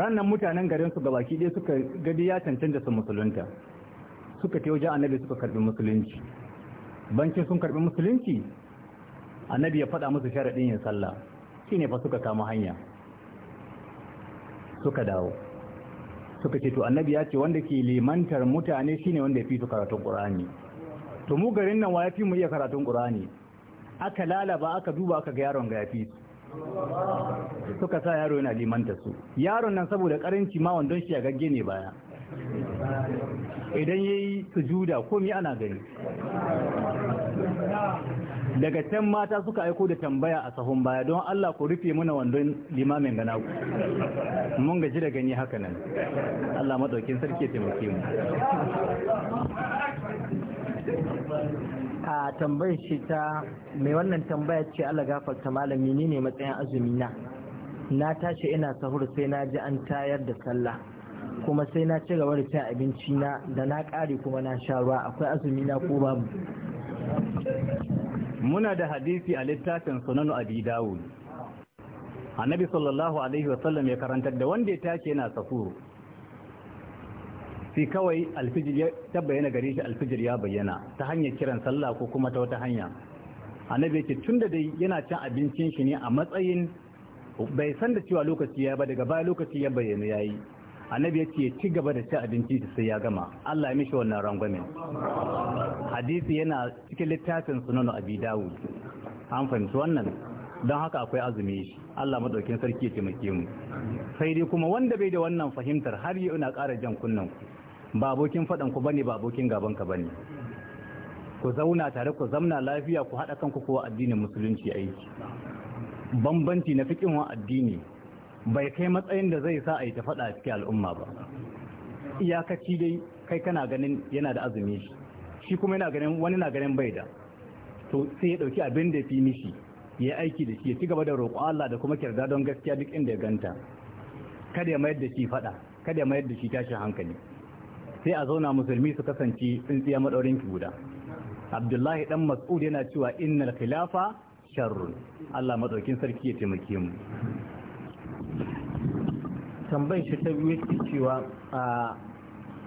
ranar mutanen garin su gabaki ɗaya suka gadi ya cancanta su musulunta suka ta wajen annabi suka karbi musulunci bankin sun karbi musulunci annabi ya faɗa musu sharaɗin yin sallah shi ne fa suka kama hanya suka dawo suka ce to annabi ya ce wanda ke limantar mutane shine wanda ya fito karatun qur'ani to mu garin nan wa ya fi mu iya karatun qur'ani aka lalaba aka duba aka ga yaron ga ya fi suka sa yaro yana limantar su yaron nan saboda karanci ma wandon shi ya gagge ne baya idan yayi sujuda komai ana gani daga can mata suka aiko da tambaya a sahun baya don Allah ku rufe mana wandon limamin gana ku mun gaji da gani haka nan Allah madaukin sarki ya taimake mu a tambayar shi ta mai wannan tambaya ce Allah gafarta malami ne ne matsayin azumi na na tashi ina sahur sai na ji an tayar da sallah kuma sai na ci gaba da cin abinci na da na kare kuma na sha ruwa akwai azumi na ko babu muna da hadisi a littafin sunanu abi dawud annabi sallallahu alaihi wa sallam, ya karantar da wanda ya tashi yana safuru sai kawai alfijir ya tabbayana gare shi alfijir ya bayyana ta hanyar kiran sallah ko kuma ta wata hanya annabi yake tunda dai yana cin abincin shi ne a matsayin bai san da cewa lokaci ya ba daga baya lokaci ya bayyana yayi annabi ya ce ci gaba da ci abinci da sai ya gama Allah ya mishi wannan rangwame hadisi yana cikin littafin sunan abi dawud an fahimci wannan don haka akwai azumi shi Allah madaukin sarki ya taimake mu sai dai kuma wanda bai da wannan fahimtar har yau na ƙara jan kunnan ku ba abokin faɗan ku bane ba abokin gaban ka bane ku zauna tare ku zamna lafiya ku haɗa kanku kowa addinin musulunci aiki bambanci na fikin addini bai kai matsayin da zai sa a yi ta faɗa a cikin al'umma ba iyakaci dai kai kana ganin yana da azumi shi shi kuma yana ganin wani na ganin bai da to sai ya ɗauki abin da fi mishi ya aiki da shi ya ci gaba da roƙo Allah da kuma kirda don gaskiya duk inda ya ganta kada ya mayar da shi faɗa kada ya mayar da shi tashin hankali sai a zauna musulmi su kasance tsintsiya maɗaurin ki guda abdullahi dan mas'ud yana cewa innal khilafa sharrun Allah madaukin sarki ya taimake mu tambayin shi ta biyu yake cewa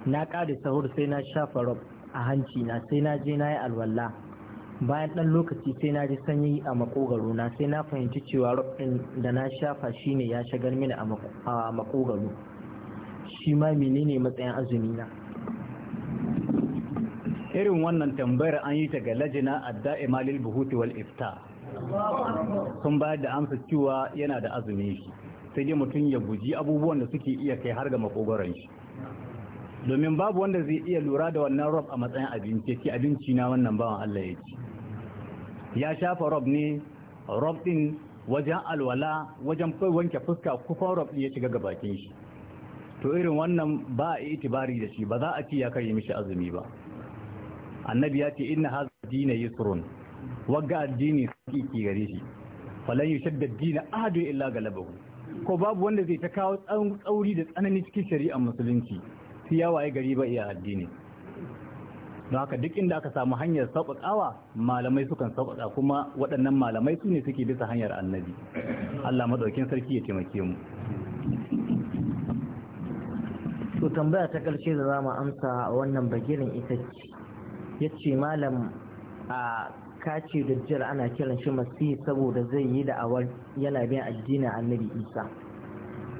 na ƙare sahur sai na shafa rob a hanci na sai na je na yi alwala bayan ɗan lokaci sai na ji sanyi a makogaro na sai na fahimci cewa rob ɗin da na shafa shine ya shagar mini a makogaro shi ma menene matsayin azumi na irin wannan tambayar an yi ta ga lajina adda'ima lil buhuti wal ifta sun bayar da amsa cewa yana da azumi shi sai dai mutum ya guji abubuwan da suke iya kai har ga makogoron shi domin babu wanda zai iya lura da wannan rob a matsayin abinci ce abinci na wannan bawan Allah ya ci ya shafa rob ne rob din wajen alwala wajen kai wanke fuska kufan rob ya shiga ga bakin shi to irin wannan ba a itibari da shi ba za a ci ya kai mishi azumi ba annabi ya ce inna hadha dinu yusrun wagga addini sauki ki gare shi falan yushaddad dina ahadu illa galabahu ko babu wanda zai ta kawo tsauri da tsanani cikin shari'ar musulunci sai ya waye gari ba iya addini don haka duk inda aka samu hanyar sauƙaƙawa malamai sukan sauƙaƙa kuma waɗannan malamai su ne suke bisa hanyar annabi Allah maɗaukin sarki ya taimake mu to tambaya ta ƙarshe da za mu amsa wannan bagirin ita ce ya ce malam a ka ce dajjal ana kiran shi masihi saboda zai yi da'awar yana bin addinin annabi isa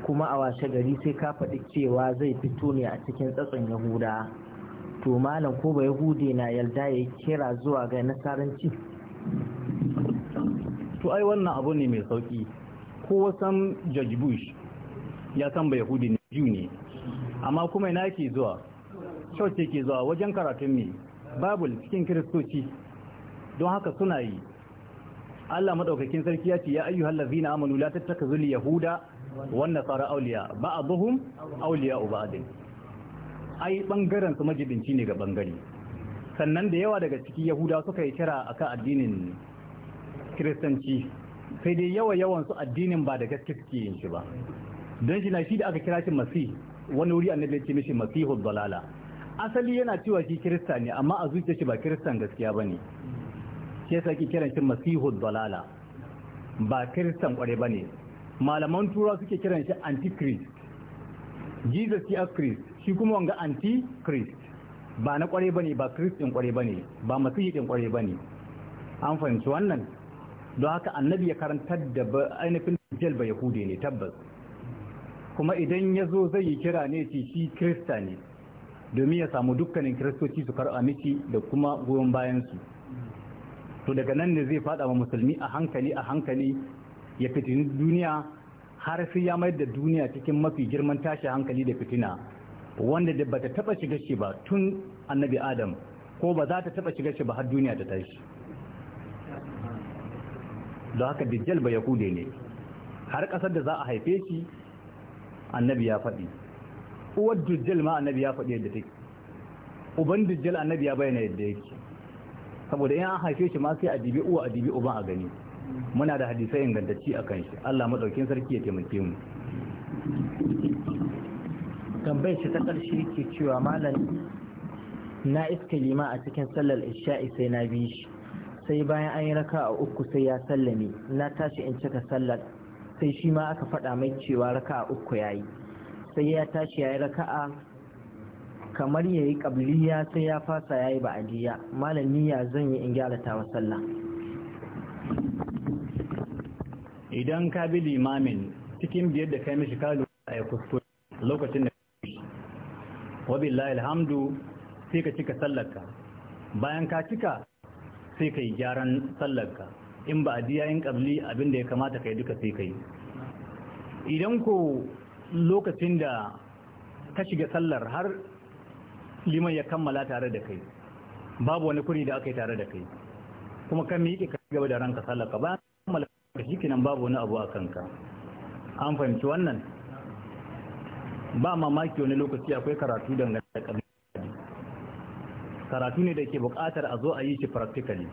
kuma a washe gari sai ka faɗi cewa zai fito ne a cikin tsatson yahuda to malam ko ba yahudi na yarda ya kira zuwa ga nasaranci to ai wannan abu ne mai sauki ko wasan george bush ya san ba yahudi ne jiw ne amma kuma ina ke zuwa church ke zuwa wajen karatun ne babul cikin kiristoci don haka suna yi Allah madaukakin sarki ya ce ya ayyuhal ladzina amanu la al yahuda wan nasara awliya ba'dhum awliya ba'd ai bangaren su majibinci ne ga bangare sannan da yawa daga cikin yahuda suka yi kira akan addinin kiristanci sai dai yawa yawan su addinin ba da gaske yin shi ba don shi na shi da aka kira shi masih wani wuri annabi ya ce mishi masihul dalala asali yana cewa shi kirista ne amma a zuciyarsa ba kiristan gaskiya bane ke yasa kiran shi masihu dalala ba kiristan kware ba ne malaman tura suke kiran shi antichrist jesus ya christ shi kuma wanga antichrist ba na kware ba ne ba kristin kware ba ne ba masihu din kware ba ne an fahimci wannan don haka annabi ya karantar da ainihin ba yahudi ne tabbas kuma idan ya zo zai yi kira ne ce shi kirista ne domin ya samu dukkanin kiristoci su karɓa miki da kuma goyon bayansu to daga nan ne zai fada wa musulmi a hankali a hankali ya fitini duniya har sai ya mayar da duniya cikin mafi girman tashi hankali da fitina wanda da bata taba shiga shi ba tun annabi adam ko ba za ta taba shiga shi ba har duniya ta tashi Da haka dijjal ba yahude ne har kasar da za a haife shi annabi ya faɗi uwar dijjal ma annabi ya faɗi yadda take uban dijjal annabi ya bayyana yadda yake saboda in an haife shi ma sai a dibi uwa a dibi uba a gani muna da hadisai ingantacci a kan shi Allah madaukin sarki ya taimake mu tambayar shi ta ƙarshe ke cewa malam na iska lima a cikin sallar isha'i sai na bi shi sai bayan an yi raka a uku sai ya sallame na tashi in cika sallar sai shi ma aka faɗa mai cewa raka a uku ya yi sai ya tashi ya yi raka'a kamar ya yi ƙabliya sai ya fasa ya yi ba'adiyya malam ya zan yi in gyara tawa sallah idan ka bi limamin cikin biyar da kai mishi ka lura ya kuskure lokacin da kai wabillahi alhamdu sai ka cika sallarka bayan ka cika sai ka yi gyaran sallarka in ba adiya yin ƙabli abinda ya kamata ka yi duka sai ka yi idan ko lokacin da ka shiga sallar har liman ya kammala tare da kai babu wani kuri da aka yi tare da kai kuma kan miƙe ka gaba da ranka sallaka ba kammala da shi babu wani abu a kanka an fahimci wannan ba mamaki wani lokaci akwai karatu dangane da karatu ne da ke buƙatar a zo a yi shi practically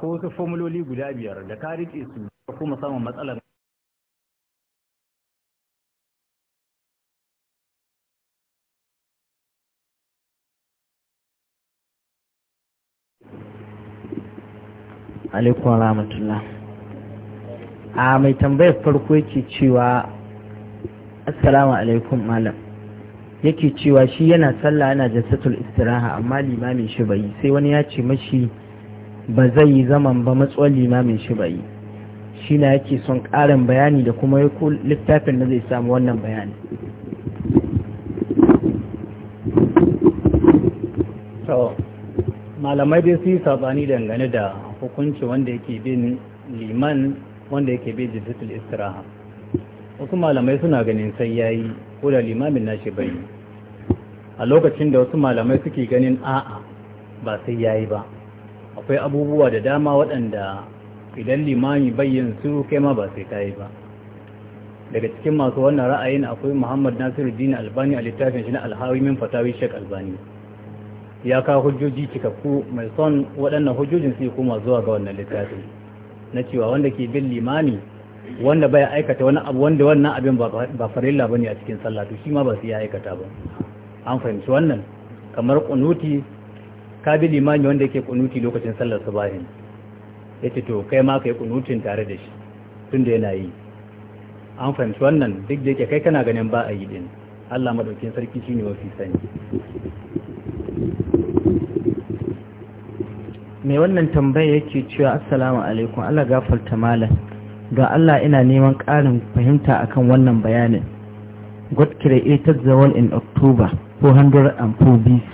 ko wasu formuloli guda biyar da ka riƙe su kuma samun matsalar alaikum rahmatullah a mai tambayar farko yake cewa assalamu alaikum malam yake cewa shi yana sallah yana jasatul istiraha amma limamin shi bai sai wani ya ce mashi ba zai yi zaman ba matsuwar limamin shi bai shi na yake son ƙarin bayani da kuma yako littafin da zai samu wannan bayani malamai dai su yi sabani dangane da hukunci wanda yake bin liman wanda yake bin jinsatul istiraha wasu malamai suna ganin sai ya yi ko da limamin shi bai a lokacin da wasu malamai suke ganin a'a ba sai ya yi ba akwai abubuwa da dama waɗanda idan limami bayyan su kai ma ba sai ta yi ba daga cikin masu wannan ra'ayin akwai muhammad nasiru dina albani a littafin shi na alhawi min fatawi shek albani ya kawo hujjoji cikakku mai son waɗannan hujjojin su kuma zuwa ga wannan littafi na cewa wanda ke bin limani wanda bai aikata wani abu wanda wannan abin ba farilla bane a cikin sallah to shi ma ba su ya aikata ba an fahimci wannan kamar kunuti ka bi limani wanda yake kunuti lokacin sallar subahin yace to kai ma kai kunutin tare da shi tunda yana yi an fahimci wannan duk da yake kai kana ganin ba a yi din Allah madaukin sarki shine mafi sani mai wannan tambaya yake cewa assalamu alaikum Allah gafarta malam don Allah ina neman ƙarin fahimta akan wannan bayanin God created the world in October 404 BC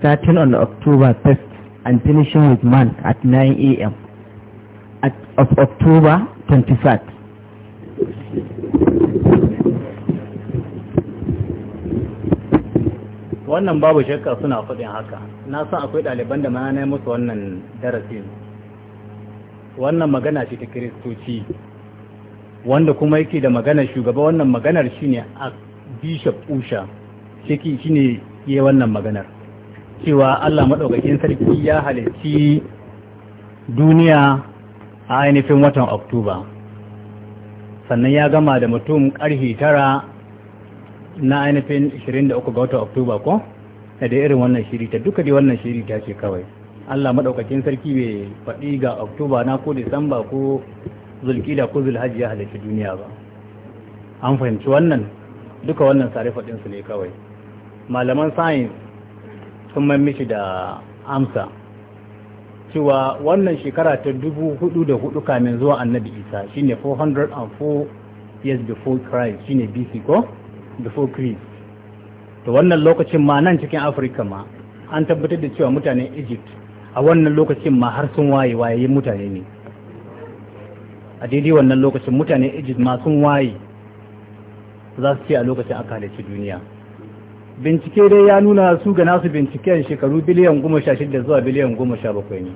starting on October 1st and finishing with man at 9 a.m. of October 23. wannan babu shakka suna faɗin haka na san akwai ɗaliban da mana ya musu wannan darasin wannan magana ce ta kiristoci wanda kuma yake da maganar shugaba wannan maganar shine a bishop usha shi shine yi wannan maganar cewa allah maɗaukakin sarki ya halarci duniya a ainihin watan oktoba sannan ya gama da mutum ƙarfe tara na ainihin 23 ga watan oktoba ko da dai irin wannan shiri ta duka dai wannan shiri ta ce kawai Allah maɗaukacin sarki bai faɗi ga oktoba na ko disamba ko zulkida ko zulhaji ya halarci duniya ba an fahimci wannan duka wannan sare faɗin su ne kawai malaman sayin sun man mishi da amsa cewa wannan shekara ta dubu hudu da hudu kamin zuwa annabi isa shine 404 years before christ shine bc ko before Greece to wannan lokacin ma nan cikin Afirka ma an tabbatar da cewa mutanen Egypt a wannan lokacin ma har sun waye wayayin mutane ne a daidai wannan lokacin mutanen Egypt ma sun waye za su ce a lokacin aka halarci duniya bincike dai ya nuna su ga nasu binciken shekaru biliyan goma sha shida zuwa biliyan goma sha bakwai ne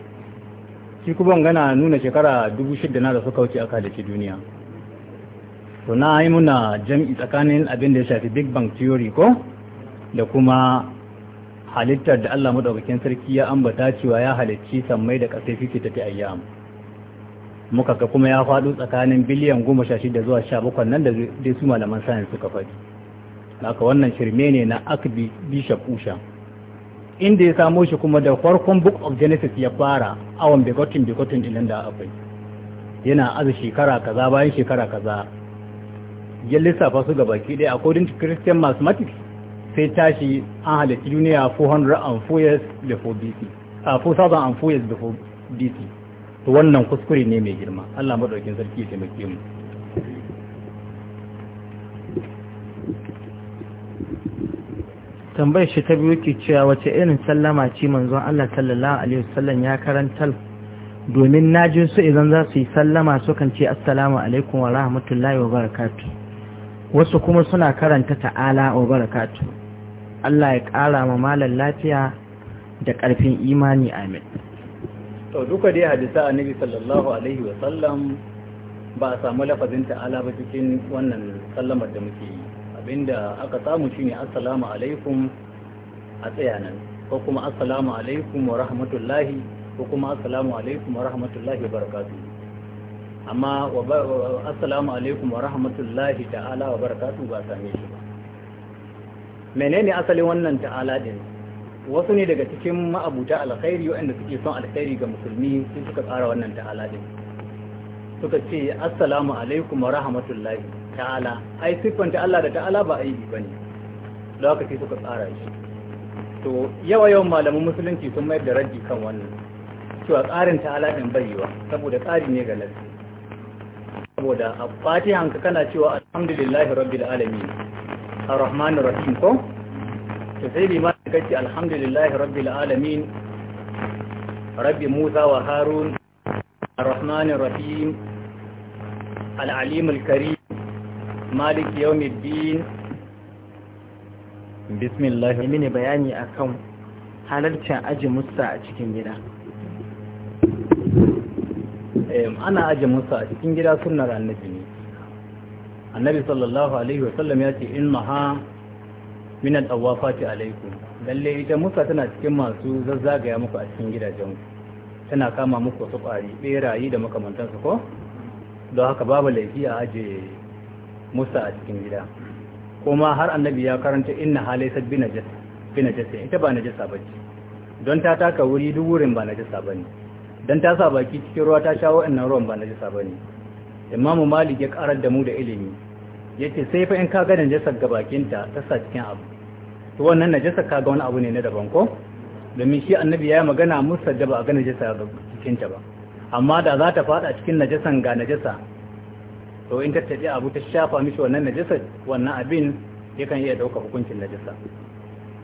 shi kuma gana nuna shekara dubu shida na da suka wuce aka halarci duniya to na yi muna jam'i tsakanin abin da ya shafi big bang theory ko da kuma halittar da Allah madaukakin sarki ya ambata cewa ya halicci sammai da kasai fiki tafi ayyam muka ga kuma ya faɗo tsakanin biliyan goma zuwa 17 nan da dai su malaman science suka faɗi haka wannan shirme ne na akbi bishop usha inda ya samo shi kuma da farkon book of genesis ya fara awon begotin begotin ɗin da akwai yana aza shekara kaza bayan shekara kaza ya lissafa su gabaki daya according to christian mathematics sai tashi an halittu duniya 400 years before bc a 4004 years before bc to wannan kuskure ne mai girma allah maɗaukin sarki ya taimake mu tambayar shi ta biyu ke cewa wace irin sallama ce manzon Allah sallallahu alaihi wasallam ya karantar domin najin su idan za su yi sallama kan ce assalamu alaikum wa rahmatullahi wa barakatuh wasu kuma suna karanta ta'ala wa barakatu Allah ya ƙara ma malar lafiya da ƙarfin imani amin to duka dai hadisa annabi sallallahu alaihi wa sallam ba a samu lafazin ta'ala ba cikin wannan sallamar da muke yi abinda aka samu shine assalamu alaikum a tsayanan ko kuma assalamu alaikum wa rahmatullahi ko kuma assalamu alaikum wa rahmatullahi wa barakatuh amma assalamu alaikum wa rahmatullahi ta'ala wa barakatu ba same shi ba menene asalin wannan ta'ala din wasu ne daga cikin ma'abuta alkhairi waɗanda suke son alkhairi ga musulmi sun suka tsara wannan ta'ala din suka ce assalamu alaikum wa rahmatullahi ta'ala ai siffanta Allah da ta'ala ba aibi bane da haka suka tsara shi to yawa yawan malaman musulunci sun mayar da raji kan wannan cewa tsarin ta'ala din baiwa saboda tsari ne ga lafiya saboda a fatihanka kana cewa alhamdulillahi rabbil alamin arrahmanir rahim ko to sai bi ma kace alhamdulillahi rabbil alamin rabbi musa wa harun arrahmanir rahim alalimul karim malik yawmiddin bismillah mini bayani akan halarcin aji musa a cikin gida Eh, ana aje musu a cikin gida sunnar annabi ne annabi sallallahu alaihi wasallam ya ce inna ha min al-awafati alaikum lalle ita musa tana cikin masu zazzagaya muku a cikin gidajen tana kama muku wasu kwari berayi da makamantansu ko don haka babu laifi a aje musa a cikin gida kuma har annabi ya karanta inna halaysat bi najasa ita ba najasa bace don ta taka wuri duk wurin ba najasa bane dan ta sa baki cikin ruwa ta sha wa'annan ruwan ba na ba bane imamu malik ya karar da mu da ilimi yace sai fa in ka ga najasar ga bakinta ta sa cikin abu to wannan najasar ka ga wani abu ne na daban ko domin shi annabi ya magana musa da ba a ga najasa ga cikinta ba amma da za ta fada cikin najasan ga najasa to in ta tafi abu ta shafa mishi wannan najasar wannan abin yakan iya dauka hukuncin najasa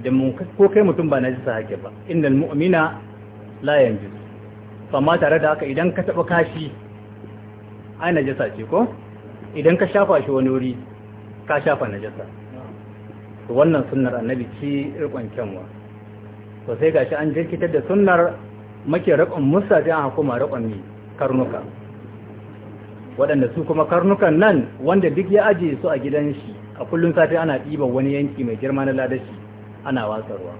da mun ko kai mutum ba najasa hake ba innal mu'mina la yanjus amma tare da haka idan ka taɓa kashi ai najasa ce ko idan ka shafa shi wani wuri ka shafa najasa wannan sunnar annabi ci rikon kyanwa to sai gashi an jirkitar da sunnar make rikon musafi an kuma rikon mi karnuka waɗanda su kuma karnukan nan wanda duk ya ajiye su a gidan shi a kullum safi ana ɗiban wani yanki mai girma na ladashi ana watsarwa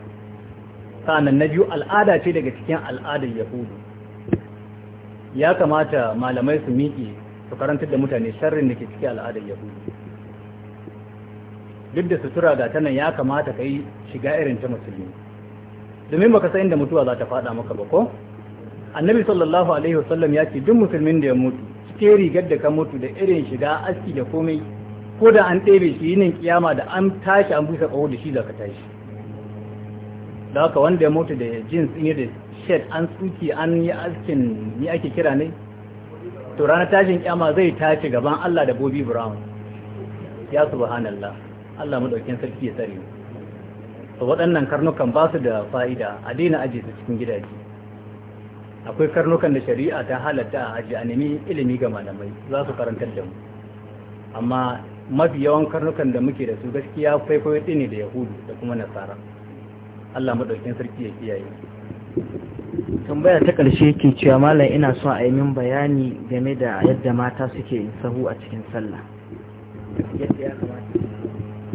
sa'annan na biyu al'ada ce daga cikin al'adar yahudu ya kamata malamai su miƙe su karantar da mutane sharrin da ke ciki al'adar yahudi duk da sutura ga tana ya kamata ka yi shiga irin ta musulmi domin baka san inda mutuwa za ta faɗa maka ba ko annabi sallallahu alaihi wasallam ya ce duk musulmin da ya mutu cike rigar da ka mutu da irin shiga aski da komai ko da an ɗebe shi yinin kiyama da an tashi an busa ƙaho da shi za ka tashi da haka wanda ya mutu da jins in da shed an tsuki an yi askin ni ake kira ne to ranar tashin kyama zai tashi gaban Allah da Bobby Brown ya subhanallah Allah madaukin sarki ya tsare to waɗannan karnukan ba su da fa'ida a dina aje su cikin gidaje akwai karnukan da shari'a ta halatta a aje a nemi ilimi ga malamai za su karantar da mu amma mafi yawan karnukan da muke da su gaskiya kwaikwayo ne da yahudu da kuma nasara Allah maɗaukin sarki ya kiyaye tambaya ta ƙarshe ke cewa malam ina son a yi min bayani game da yadda mata suke yin sahu a cikin sallah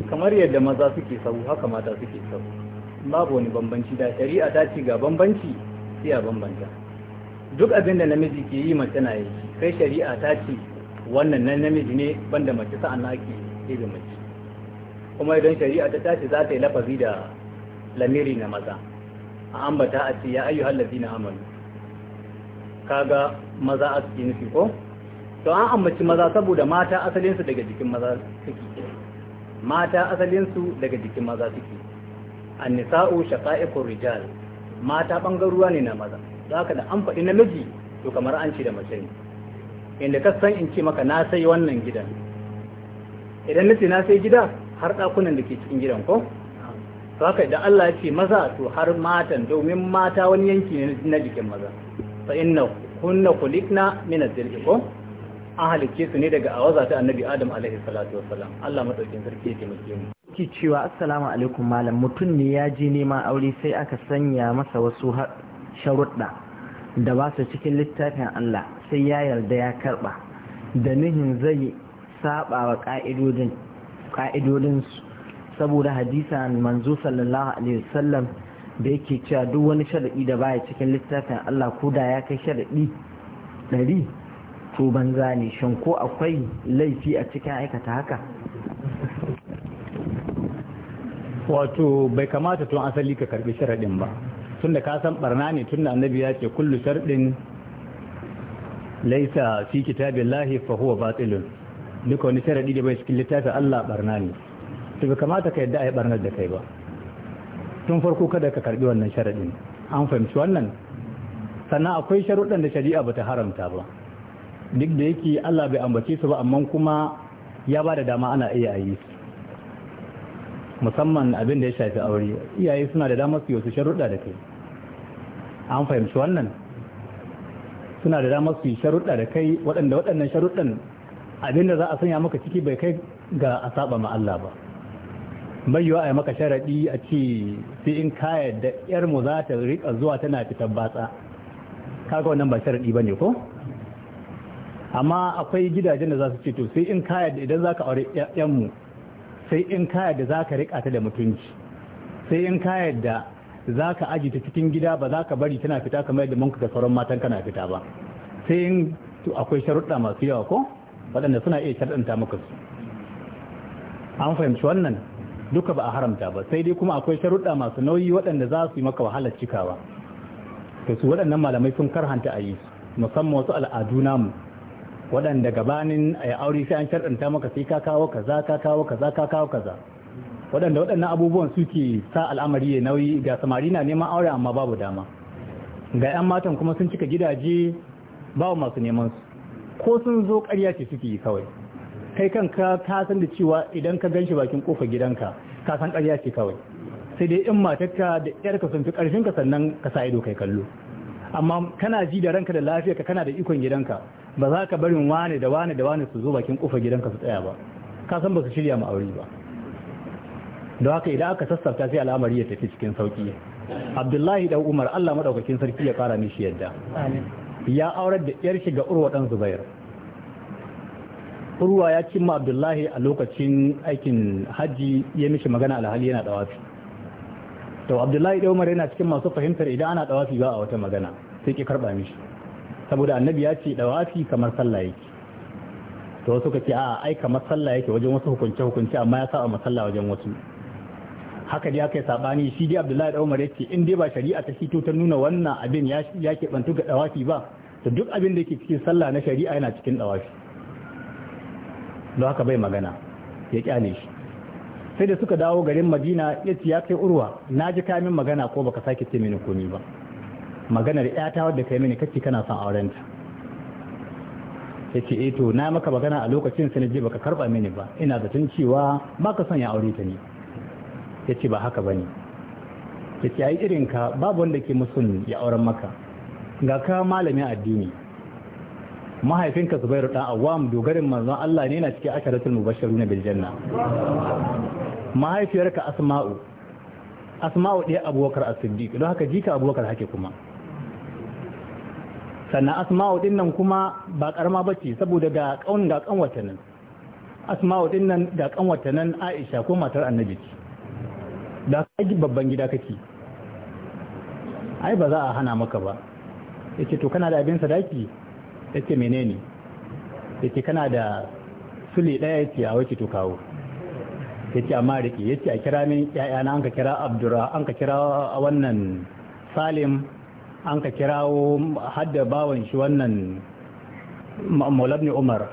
kamar yadda maza suke sahu haka mata suke sahu babu wani bambanci da shari'a ta ci ga bambanci sai a bambanta duk abin da namiji ke yi mace na yi sai shari'a ta ci wannan nan namiji ne banda mace sa'an na ake ɗebe mace kuma idan shari'a ta tashi za ta yi lafazi da lamiri na maza a ambata a ce ya ayyu hallazi na amalu kaga maza a suke nufi ko to an ambaci maza saboda mata asalinsu daga jikin maza suke mata asalinsu daga jikin maza suke annisa'u shaqa'iqur rijal mata bangaruwa ne na maza zaka da an faɗi namiji to kamar an ce da mace ne inda ka san in ce maka na sai wannan gidan idan nace na sai gida har ɗakunan da ke cikin gidan ko to haka idan Allah ya ce maza to har matan domin mata wani yanki ne na jikin maza fa inna kunna kulikna min az-zilqum an halicce su ne daga awaza ta annabi adam alaihi salatu wassalam Allah madaukin sarki yake muke mu ki cewa assalamu alaikum malam mutum ne ya je neman aure sai aka sanya masa wasu sharuɗa da ba su cikin littafin Allah sai ya yarda ya karba da nihin zai saba wa ka'idodin ka'idodin su saboda hadisan manzo sallallahu alaihi wasallam da yake cewa duk wani sharaɗi da baya cikin littafin Allah ko da ya kai sharaɗi ɗari to banza ne shin ko akwai laifi a cikin aikata haka wato bai kamata tun asali ka karbi sharaɗin ba tun da ka san barna ne tun da annabi ya ce kullu sharadin laisa fi kitabillahi fa huwa batilun duka wani sharaɗi da bai cikin littafin Allah barna ne to bai kamata ka yadda a yi barnar da kai ba tun farko kada ka karbi wannan sharaɗin an fahimci wannan sannan akwai sharuɗan da shari'a ba ta haramta ba duk da yake Allah bai ambace su ba amma kuma ya ba da dama ana iya yi musamman abin da ya shafi aure iyaye suna da damar su yi sharuɗa da kai an fahimci wannan suna da damar su yi sharuɗa da kai waɗanda waɗannan sharuɗan abin da za a sanya maka ciki bai kai ga a saba ma Allah ba bai yiwa a maka sharaɗi a ce sai in kaya da yar mu za ta rika zuwa tana fitar batsa kaga wannan ba sharaɗi ba ne ko amma akwai gidajen da za su ce to sai in kaya da idan za ka aure yan sai in kaya da za ka rika ta da mutunci sai in kaya da za ka aji ta cikin gida ba za ka bari tana fita kamar yadda mun ka sauran matan kana fita ba sai in to akwai sharuɗa masu yawa ko waɗanda suna iya sharɗanta maka su an fahimci wannan duka ba a haramta ba sai dai kuma akwai sharuɗa masu nauyi waɗanda za su yi maka wahalar cikawa to su waɗannan malamai sun karhanta a yi musamman wasu al'adu namu waɗanda gabanin a aure sai an sharɗanta maka sai ka kawo kaza ka kawo kaza ka kawo kaza waɗanda waɗannan abubuwan suke sa al'amari ya nauyi ga samari na neman aure amma babu dama ga 'yan matan kuma sun cika gidaje babu masu neman su ko sun zo ƙarya ce suke yi kawai kai kanka ka san da cewa idan ka ganshi bakin kofar gidanka ka san ƙarya ce kawai sai dai in matarka da yarka sun fi ƙarfin ka sannan ka sa ido kai kallo amma kana ji da ranka da lafiyarka kana da ikon gidanka ba za ka barin wane da wane da wane su zo bakin kofa gidanka su tsaya ba ka san ba su shirya ma aure ba don haka idan aka sassafta sai al'amari ya tafi cikin sauki abdullahi dan umar allah madaukakin sarki ya kara mishi yadda ya aurar da yar shi ga urwa dan zubair urwa ya cimma abdullahi a lokacin aikin hajji ya mishi magana alhali yana dawafi to abdullahi da umar yana cikin masu fahimtar idan ana dawafi ba a wata magana sai ki karba mishi saboda annabi ya ce dawafi kamar sallah yake to wasu ka ce a ai kamar sallah yake wajen wasu hukunce hukunce amma ya saba sallah wajen wasu haka dai aka yi sabani shi dai abdullahi da umar yake in dai ba shari'a ta fito ta nuna wannan abin ya ke bantu ga dawafi ba to duk abin da yake cikin sallah na shari'a yana cikin ɗawafi. don haka bai magana ya kyale shi sai da suka dawo garin madina ya ce ya kai urwa na ji kamin magana ko baka sake ce mini komi ba maganar yata wadda kai mini kake kana son aurenta ya ce eto eh to na maka magana a lokacin sai je baka karba mini ba ina zaton cewa baka son ya aure ta ne ya ce ba haka bane ya ce ai irin ka babu wanda ke musun ya auren maka ga ka malamin addini mahaifinka zubairu dan awam dogarin manzon Allah ne na cikin asharatul mubashshiruna bil janna mahaifiyarka asma'u asma'u ɗaya abubakar as-siddiq don haka jika abubakar hake kuma sannan asma'u din nan kuma ba karama bace saboda ga kaun ga kanwata nan asma'u din nan ga kanwata nan Aisha ko matar Annabi ce da kaji babban gida kake ai ba za a hana maka ba yace to kana da abin sadaki ya ce menene ya ce kana da suli ɗaya ya ce a wace to kawo ya ce amma riƙe ya ce a kira min ‘ya'yana an ka kira abdura an ka kira wannan salim an ka kira hadda bawan shi wannan maulabni umar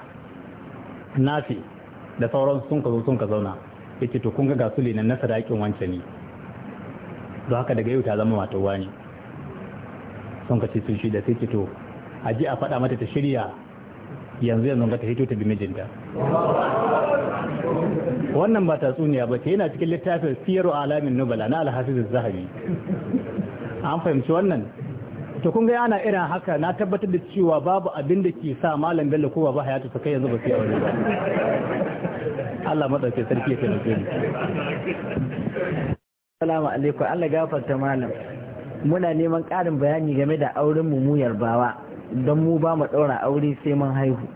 nafi da sauran sun ka zo sun ka zauna ya ce to kun ga suli nan na sadakin wancan ne don haka daga yau ta zama mata ne sun ka ce sun shi da sai ce to a ji a faɗa mata ta shirya yanzu yanzu ga ta hito ta bi mijinta wannan ba tatsuniya ba ce yana cikin littafin siyaru alamin nubala na alhafiz zahabi an fahimci wannan to kun ga ana irin haka na tabbatar da cewa babu abin da ke sa malam bello kowa ba hayatu ta kai yanzu ba su aure ba Allah madauke sarki ya taimake ni Assalamu alaikum Allah gafarta malam muna neman ƙarin bayani game da auren mumuyar bawa don mu ba mu ɗaura aure sai mun haihu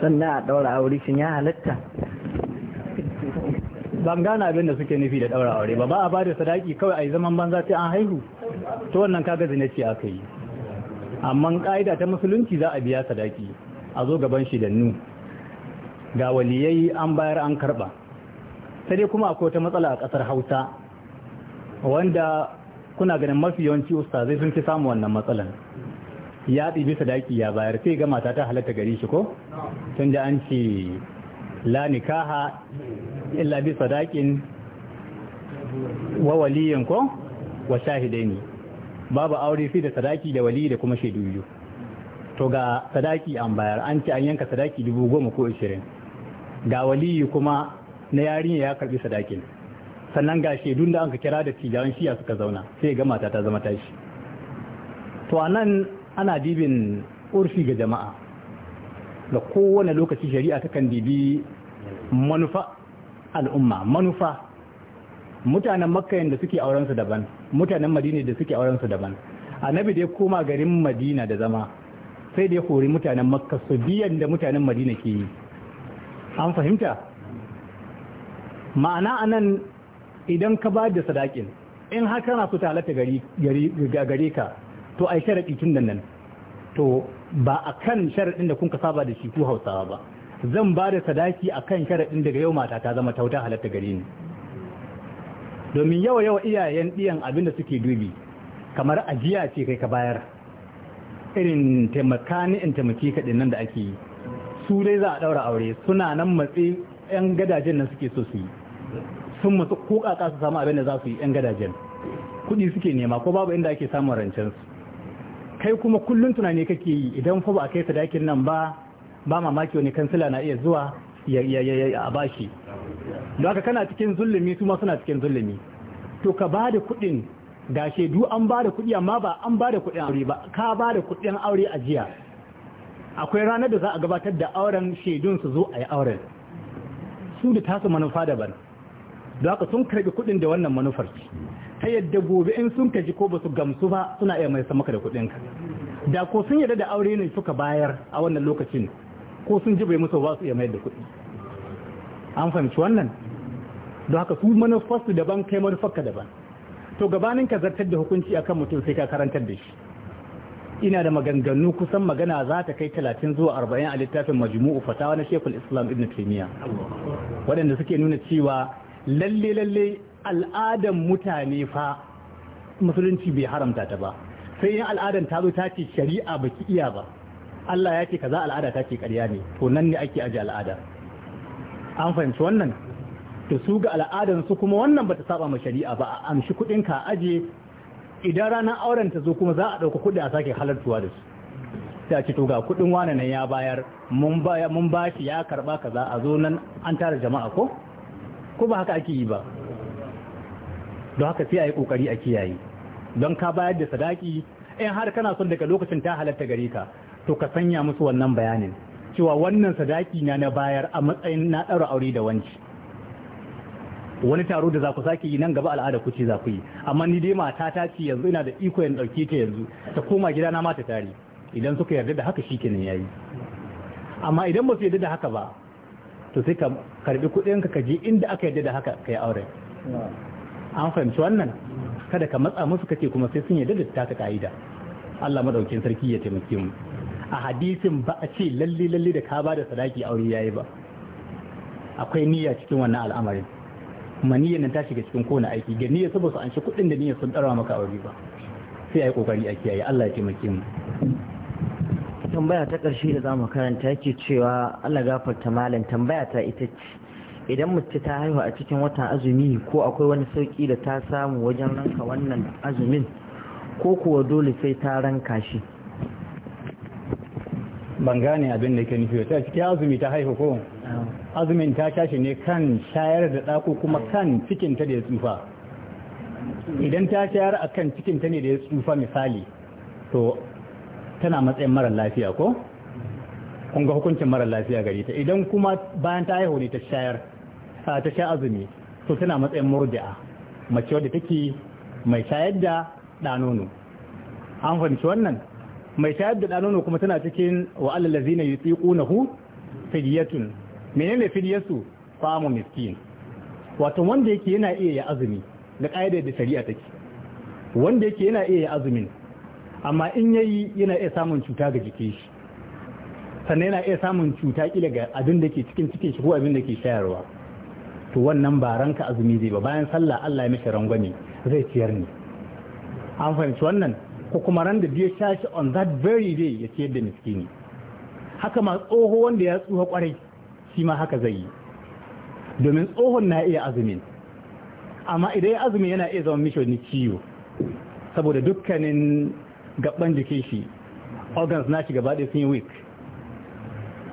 sannan a ɗaura aure shi ya halatta ban gane abin da suke nufi da ɗaura aure ba ba a ba da sadaki kawai a yi zaman banza sai an haihu to wannan kaga zinaci aka yi amma ƙa'ida ta musulunci za a biya sadaki a zo gaban shi da nu ga waliyai an bayar an karɓa sai dai kuma akwai wata matsala a ƙasar hausa wanda kuna ganin mafi yawanci ustazai sun fi samu wannan matsalan ya ɗibi sadaki ya bayar sai ga mata ta halatta gari shi ko tun da an ce la nikaha illa bi sadakin wa waliyin ko wa shahidaini babu aure sai da sadaki da wali da kuma shaidu biyu to ga sadaki an bayar an ce an yanka sadaki dubu goma ko ashirin ga waliyi kuma na yarinya ya karbi sadakin sannan ga shaidun da an ka kira da tijawan shiya suka zauna sai ga mata ta zama tashi to anan ana dibin urfi ga jama'a da kowane lokaci shari'a ta kan dibi manufa al'umma manufa mutanen makkayin da suke aurensu daban mutanen madina da suke aurensu daban annabi da ya koma garin madina da zama sai da ya kori mutanen makka su biyan da mutanen madina ke yi an fahimta ma'ana anan idan ka ba da sadakin in har kana su talata halatta gare ka to a sharadi tun nan nan to ba a kan sharaɗin da kun ka saba da shi ku Hausawa ba zan ba da sadaki akan sharaɗin daga yau mata ta zama tauta halatta gare ni domin yawa yawa iyayen diyan abin da suke dubi kamar ajiya ce kai ka bayar irin taimaka ni in taimaki ka nan da ake yi su dai za a daura aure suna nan matsi yan gadajen nan suke so su yi sun masu ko kaka su samu abin da za su yi yan gadajen kuɗi suke nema ko babu inda ake samun rancensu. kai kuma kullum tunani kake yi idan fa ba a kai sadakin nan ba ba mamaki wani kansila na iya zuwa ya a bashi don haka kana cikin zulumi su suna cikin zulumi to ka ba da kuɗin ga shaidu an ba da kuɗi amma ba an ba da kuɗin aure ba ka ba da kuɗin aure a jiya akwai ranar da za a gabatar da auren shaidun su zo a yi auren su da tasu manufa daban don haka sun karɓi kuɗin da wannan manufar ta yadda gobe in sun kaji ko ba su gamsu ba suna iya mai maka da kuɗinka da ko sun yadda da aure ne suka bayar a wannan lokacin ko sun ji bai musu ba su iya mayar da kuɗi an fahimci wannan don haka su manufarsu daban kai manufarka daban to gabanin ka zartar da hukunci akan mutum sai ka karantar da shi ina da maganganu kusan magana za ta kai talatin zuwa arba'in a littafin majmu'u fatawa na shekul islam ibn taimiyya waɗanda suke nuna cewa lalle lalle al'adan mutane fa musulunci bai haramta ta ba sai yin al'adan ta zo ta ce shari'a ba ki iya ba Allah ya ce kaza al'ada ta ce ƙarya ne to nan ne ake aji al'ada an fahimci wannan to su ga al'adan su kuma wannan bata saba ma shari'a ba a amshi kuɗin ka aje idan ranar auren ta zo kuma za a ɗauka kuɗi a sake halartuwa da su ta ce to ga kuɗin wane nan ya bayar mun baya ba shi ya karba kaza a zo nan an tara jama'a ko ko ba haka ake yi ba don haka sai a yi ƙoƙari a kiyaye don ka bayar da sadaki in har kana son daga lokacin ta halatta gare ka to ka sanya musu wannan bayanin cewa wannan sadaki na na bayar a matsayin na ɗaura aure da wanci wani taro da za ku sake yi nan gaba al'ada ku ce za ku yi amma ni dai mata ta ce yanzu ina da iko yin ɗauke ta yanzu ta koma gida na mata tare idan suka yarda da haka shikenan yayi amma idan ba su yarda da haka ba to sai ka karbi kuɗin ka je inda aka yarda da haka kai aure an fahimci wannan kada ka matsa musu kake kuma sai sun yarda da ta ka'ida Allah madaukin sarki ya taimake mu a hadisin ba a ce lalle lalle da ka ba da sadaki aure yayi ba akwai niyya cikin wannan al'amarin kuma niyyar nan ta shiga cikin kowane aiki ga niyyar saboda su an shi kuɗin da niyyar sun tsara maka aure ba sai ayi kokari a kiyaye Allah ya taimake mu tambaya ta ƙarshe da zamu karanta yake cewa Allah gafarta malam tambaya ta ita ce idan mace ta haihu a cikin watan azumi ko akwai wani sauki da ta samu wajen ranka wannan azumin ko kuwa dole sai ta ranka shi ban gane abin da ke nufi ta cikin azumi ta haihu ko azumin ta tashi ne kan shayar da ɗako kuma kan cikinta da ya tsufa idan ta shayar a kan cikinta ne da ya tsufa misali to tana matsayin mara lafiya ko? kun ga hukuncin marar lafiya gari ta idan kuma bayan ta haihu ne ta shayar ta sha azumi to tana matsayin murdi'a mace wadda take mai shayar da ɗanono an fahimci wannan mai shayar da ɗanono kuma tana cikin wa'alar lazina yi tsiku na hu fidiyatun menene fidiyarsu famu miskin wato wanda yake yana iya ya azumi da ƙa'idar da shari'a take wanda yake yana iya ya azumin amma in yayi yana iya samun cuta ga jiki shi sannan yana iya samun cuta kila ga abin da ke cikin cikin shi ko abin da ke shayarwa to wannan ba ranka azumi zai ba bayan sallah Allah ya mishi rangwame zai ciyar ni an fahimci wannan ko kuma ran da ya shashi on that very day ya ciyar da miskini haka ma tsoho wanda ya tsuha kwarai shi ma haka zai yi domin tsohon na iya azumin amma idan ya azumi yana iya zama mishi wani ciwo saboda dukkanin gaban jikin shi organs na shi gaba ɗaya sun yi weak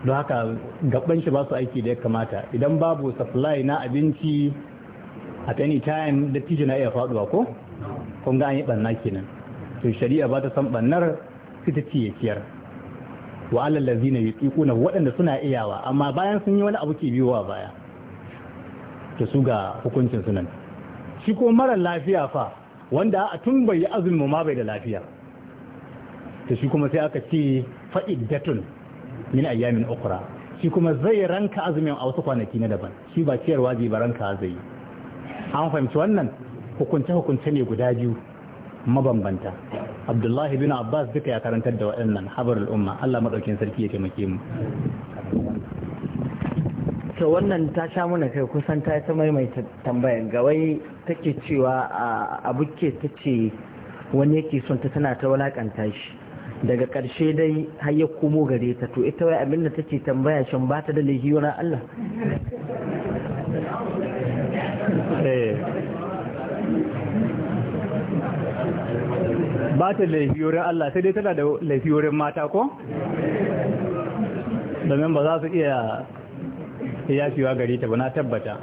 da haka gaban shi ba su aiki da ya kamata idan babu supply na abinci at any time da tijin na iya faduwa ko kun ga an yi banna kenan to shari'a ba ta san bannar su ta ciye ciyar wa na yi na waɗanda suna iyawa amma bayan sun yi wani abu ke biyowa baya to su ga hukuncin sunan shi ko mara lafiya fa wanda a tun bai yi azumin ma bai da lafiya to shi kuma sai aka ce fa'iddatun min ayyamin ukra shi kuma zai ranka azumin a wasu kwanaki na daban shi ba ciyarwa zai ba ranka zai yi an fahimci wannan hukunce hukunce ne guda biyu mabambanta abdullahi bin abbas duka ya karantar da waɗannan habar al'umma allah maɗaukin sarki ya taimake mu to wannan ta sha mana kai kusan ta ta maimaita tambayar gawai take cewa a tace ta ce wani yake son ta tana ta walakanta shi daga ƙarshe dai har ya komo gare ta to ita wai abinda ta ce tambaya shan ba ta da laifi wani Allah eh. ba ta laifi wurin Allah sai dai tana da laifi wurin mata ko? domin ba za su iya fiwa gari ta ba na tabbata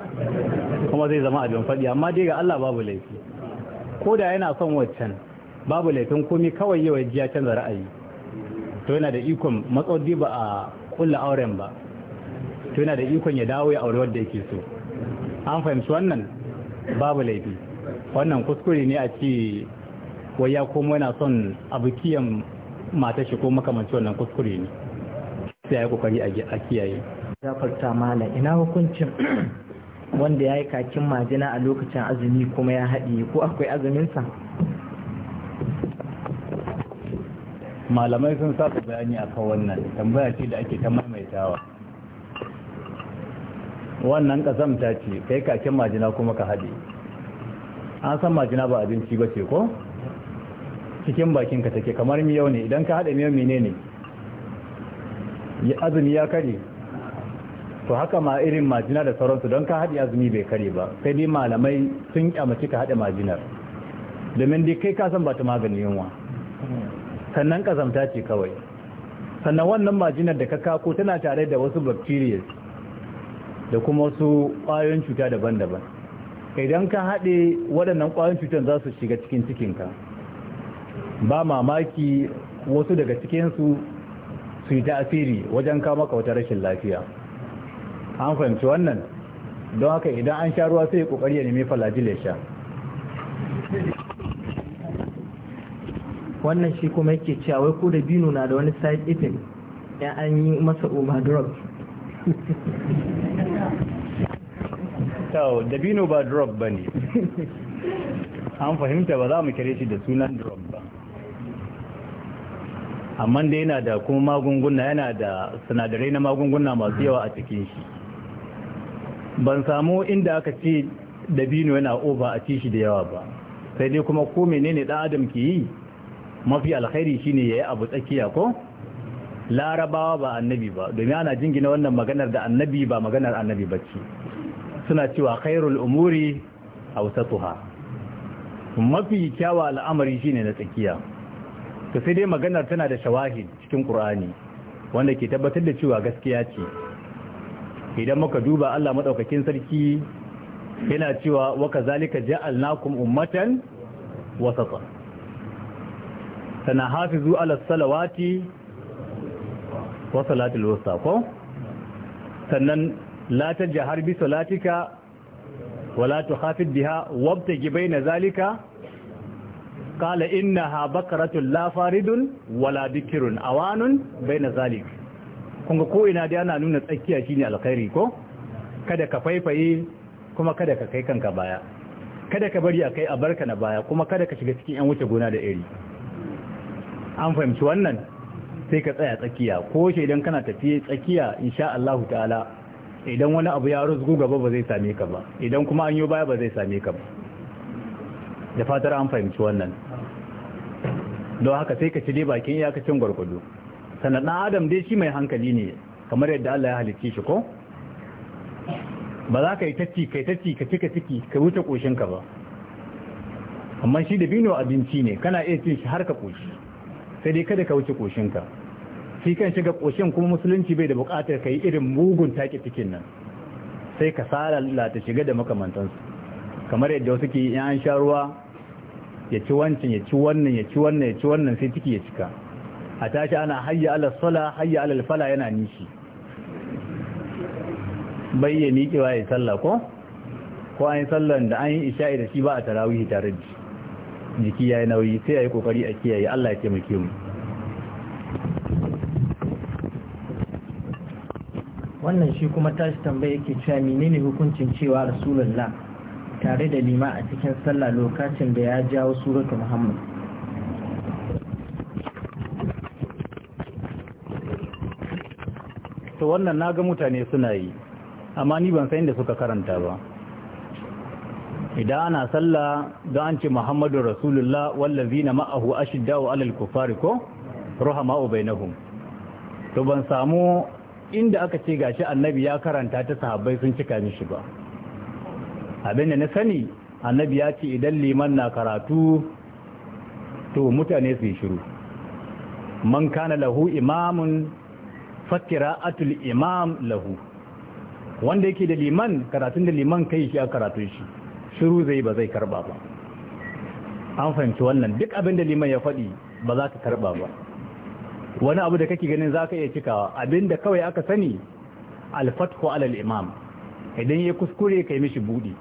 kuma zai zama abin faɗi amma dai ga Allah babu laifi ko da yana son waccan babu laifin komi kawai yau ya canza ra'ayi to yana da ikon matsaudi ba a kulla auren ba to yana da ikon ya dawo ya aure wadda yake so an fahimci wannan babu laifi wannan kuskure ne a ce wai ya komo yana son abukiyan mata shi ko makamanci wannan kuskure ne sai ya kokari a kiyaye gafarta mala ina hukuncin wanda ya yi kakin majina a lokacin azumi kuma ya haɗi ko akwai azuminsa malamai sun saka bayani a kan wannan tambaya ce da ake ta maimaitawa wannan kasamta ce kai kakin majina kuma ka haɗe an san majina ba abinci ba ce ko cikin bakinka take kamar miyau ne idan ka haɗe miyau menene azumi ya kare to haka ma irin majina da sauransu don ka haɗe azumi bai kare ba sai dai malamai sun kyamaci ka haɗe majinar domin dai kai kasan ba ta maganin yunwa sannan kazamta ce kawai sannan wannan majinar da ka kako tana tare da wasu bacteria da kuma wasu ƙwayoyin cuta daban-daban idan ka haɗe waɗannan ƙwayoyin cutar za su shiga cikin cikinka ba mamaki wasu daga cikinsu su yi tasiri wajen kama wata rashin lafiya an fahimci wannan don haka idan an sha ruwa sai ya ƙoƙari ya nemi falajil ya sha wannan shi kuma yake cewa wai ko da bino na da wani side effect ya an yi masa overdrug to dabino ba drug ba ne an fahimta ba za mu kire shi da sunan drug ba amma da yana da kuma magunguna yana da sinadarai na magunguna masu yawa a cikin shi ban samu inda aka ce dabino yana over a ci shi da yawa ba sai dai kuma ko menene dan adam ke yi mafi alkhairi shine yayi abu tsakiya ko larabawa ba annabi ba domin ana jingina wannan maganar da annabi ba maganar annabi bacci suna cewa khairul umuri awsatuha mafi kyawa al'amari shine na tsakiya to sai dai maganar tana da shawahid cikin qur'ani wanda ke tabbatar da cewa gaskiya ce idan muka duba Allah madaukakin sarki yana cewa wa kazalika ja'alnakum ummatan wasata sana hafizu ala salawati wa salatul wusta ko sannan la tajhar bi salatika wa la tukhafid biha bai na zalika qala innaha baqaratun la faridun wala bikirun awanun na zalik kunga ko ina da yana nuna tsakiya shine alkhairi ko kada ka faifaye kuma kada ka kai kanka baya kada ka bari a kai a barka na baya kuma kada ka shiga cikin 'yan wuce gona da iri an fahimci wannan sai ka tsaya tsakiya ko shi idan kana tafiye tsakiya insha Allah ta'ala idan wani abu ya rusgu gaba ba zai same ka ba idan kuma an yi baya ba zai same ka ba da fatar an fahimci wannan don haka sai ka ci dai bakin iyakacin gwargwado sannan adam dai shi mai hankali ne kamar yadda Allah ya halicce shi ko ba za ka yi tacci kai tacci ka cika ciki ka wuce koshinka ba amma shi da bino abinci ne kana iya cin shi har ka koshi sai dai kada ka wuce ka shi kan shiga koshin kuma musulunci bai da buƙatar ka yi irin mugun take cikin nan sai ka sara lata shiga da makamantansu kamar yadda wasu ke yi an sha ruwa ya ci wancan ya ci wannan ya ci wannan ya ci wannan sai ciki ya cika a tashi ana hayya ala sala hayya ala fala yana nishi bayyani kiwaye ya sallah ko ko an sallan da an yi isha'i da shi ba a tarawihi tare da jiki ya yi nauyi sai ya yi kokari a kiyaye Allah ya taimake mu wannan shi kuma tashi tambaya yake cewa menene hukuncin cewa rasulullah tare da lima a cikin sallah lokacin da ya jawo suratu muhammad to wannan ga mutane suna yi amma ni ban san da suka karanta ba idan ana sallah don an ce muhammadu rasulullah wallazi na ma'ahu ashiddawo alal kufari ko bai nahu. to ban samu inda aka ce gashi annabi ya karanta ta sahabbai sun cika mishi ba abin da na sani annabi ya ce idan liman na karatu to mutane su yi shiru man kana lahu imamun fakira atul imam lahu wanda yake da liman karatun da liman kai shi a karatun shi shiru zai ba zai karba ba an fahimci wannan duk abin da liman ya faɗi ba za ka karba ba wani abu da kake ganin za ka iya cikawa abin da kawai aka sani alfatko alal imam idan ya kuskure kai mishi buɗi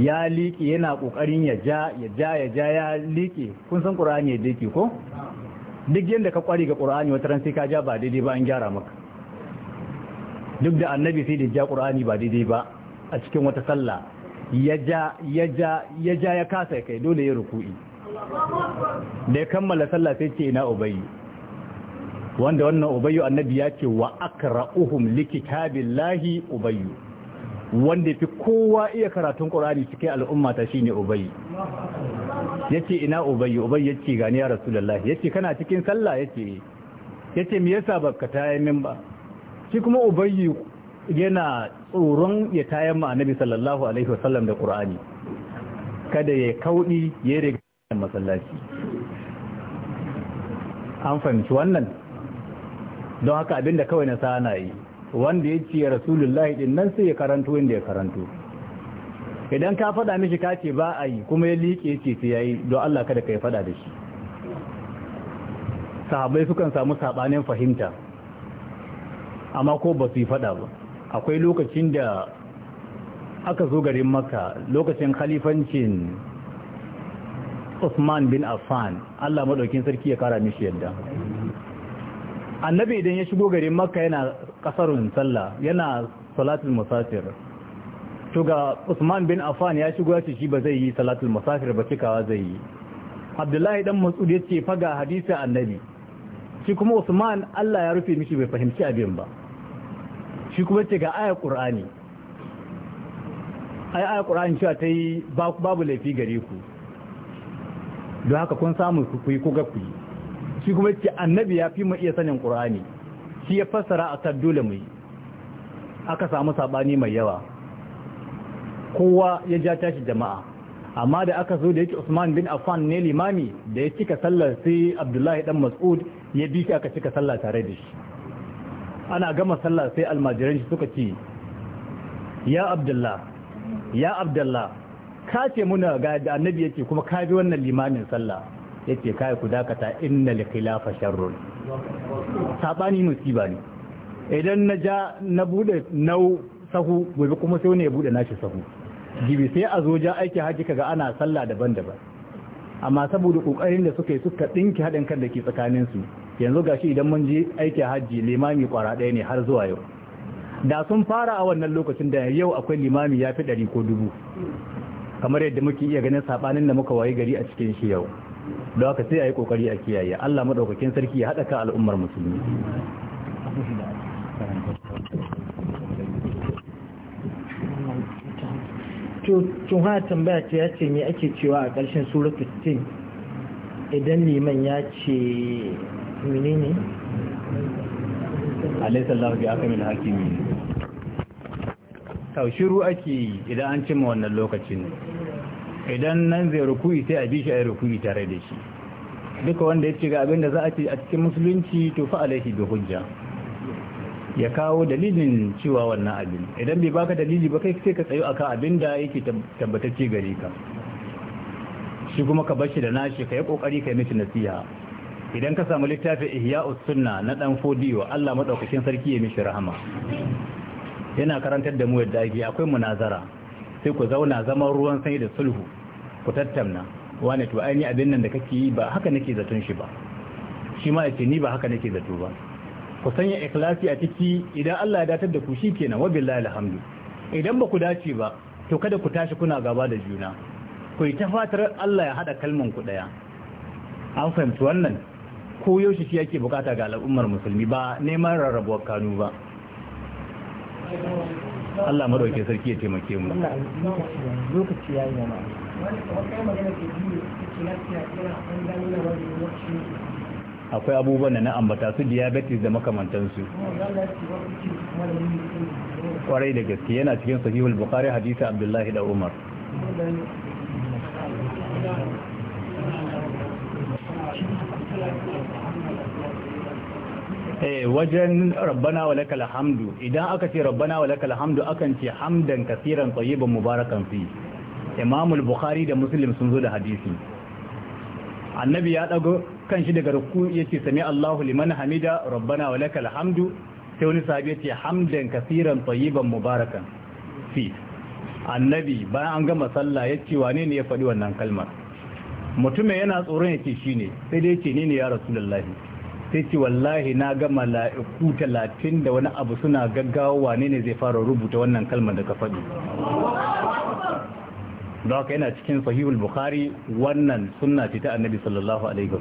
ya liƙe yana ƙoƙarin ya ja ya ja ya ja ya liƙe kun san ƙur'ani ya liƙe ko duk yadda ka ƙwari ga ƙur'ani wata ran sai ka ja ba daidai ba an gyara maka duk da annabi sai da ja ƙur'ani ba daidai ba a cikin wata sallah ya ja ya ja ya kasa kai dole ya ruku'i da ya kammala sallah sai ce ina ubayyu wanda wannan ubayyu annabi ya ce wa akra'uhum likitabillahi ubayyu wanda fi kowa iya karatun qur'ani cikin al'umma ta shine ubayyu yace ina ubayyu ubayyu yace gani ya rasulullahi yace kana cikin sallah yace eh. yace me yasa baka tayi min ba shi kuma ubayyu yana tsoron ya tayan ma annabi sallallahu alaihi wasallam da qur'ani kada ya kaudi ya riga masallaci an fahimci wannan don haka abinda kawai na sana yi wanda ya ce rasulullahi din nan sai ya karanto inda ya karanto idan ka faɗa mishi ka ce ba a yi kuma ya liƙe ce ya yayi don Allah kada ka yi faɗa da shi sahabai sukan samu saɓanin fahimta amma ko ba su yi faɗa ba akwai lokacin da aka zo garin maka lokacin khalifancin Usman bin Affan Allah madaukin sarki ya kara mishi yadda annabi idan ya shigo garin makka yana kasarun sallah yana salatul musafir to ga Usman bin Affan ya shigo yace shi ba zai yi salatul musafir ba cikawa zai yi Abdullahi dan Mas'ud yace faga hadisi annabi shi kuma Usman Allah ya rufe mishi bai fahimci abin ba shi kuma ce ga ayar ƙur'ani ai ayar ƙur'ani cewa ta yi babu laifi gare ku don haka kun samu ku yi kuka ku yi shi kuma ce annabi ya fi mu iya sanin ƙur'ani shi ya fassara a kan dole mai aka samu saɓani mai yawa kowa ya ja tashi jama'a amma da aka zo da yake Usman bin Affan ne limami da ya cika sallar sai Abdullahi dan Mas'ud ya bi shi aka cika sallah tare da shi ana gama sallah sai almajiran shi suka ce ya abdullah ya abdullah ka ce muna ga da annabi yake kuma ka bi wannan limamin sallah yake kai ku dakata innal khilafa sharrun sabani musiba ne idan na ja na bude nau sahu gobe kuma sai ne ya bude nashi sahu gibi sai a zo ja aiki haji kaga ana sallah daban-daban amma saboda kokarin da suka yi suka dinki hadin kan da ke tsakanin su yanzu gashi idan mun ji aiki hajji limami kwara ɗaya ne har zuwa yau da sun fara a wannan lokacin da yau akwai limami ya fi ɗari ko dubu kamar yadda muke iya ganin saɓanin da muka waye gari a cikin shi yau da aka sai a yi ƙoƙari a kiyaye allah maɗaukakin sarki ya haɗa ka al'ummar musulmi tun ha tambaya ta ya ce me ake cewa a ƙarshen suratul tin idan liman ya ce menene alaisa Allah bi ake yi idan an cimma wannan lokacin idan nan zai rukuyi sai a bi shi a tare da shi duka wanda ya ce ga abinda za a ce a cikin musulunci to fa alaihi bi hujja ya kawo dalilin cewa wannan abin idan bai baka dalili ba kai sai ka tsayo aka abin da yake tabbatacce gare ka shi kuma ka bashi da nashi ka yi kokari ka yi mishi nasiha idan ka samu littafin Ihya sunna na dan fodiyo Allah madaukakin sarki ya mishi rahama yana karantar da mu yadda ake akwai munazara sai ku zauna zaman ruwan sanyi da sulhu ku tattauna, wani to aini abin nan da kake yi ba haka nake zaton shi ba shi ma yace ni ba haka nake zato ba ku sanya ikhlasi a ciki idan Allah ya datar da ku shikenan wa billahi alhamdu idan ba ku dace ba to kada ku tashi kuna gaba da juna ku yi ta fatar Allah ya hada kalman ku daya an fahimci wannan ko yaushe shi yake bukata ga al'ummar musulmi ba neman rarrabuwar kanu ba Allah madauke sarki ya taimake mu lokaci akwai abubuwan da na ambata su diabetes da makamantansu kwarai da gaske yana cikin sahihul bukhari hadisi abdullahi da umar eh wajen rabbana wa lakal hamdu idan aka ce rabbana wa lakal hamdu akan ce hamdan kasiran tayyiban mubarakan fi imam al-bukhari da muslim sun zo da hadisi annabi ya dago kanshi daga ruku yace sami Allahu liman hamida rabbana wa lakal hamdu sai wani sahabi yace hamdan kasiran tayyiban mubarakan fi annabi bayan an gama sallah yace wane ne ya faɗi wannan kalmar mutumin yana tsoron yace shine sai dai yace ni ne ya rasulullahi sai ce wallahi na ga mala'iku talatin da wani abu suna gaggawa wane ne zai fara rubuta wannan kalmar da ka faɗi da haka yana cikin sahihul bukhari wannan sunna ce ta annabi sallallahu alaihi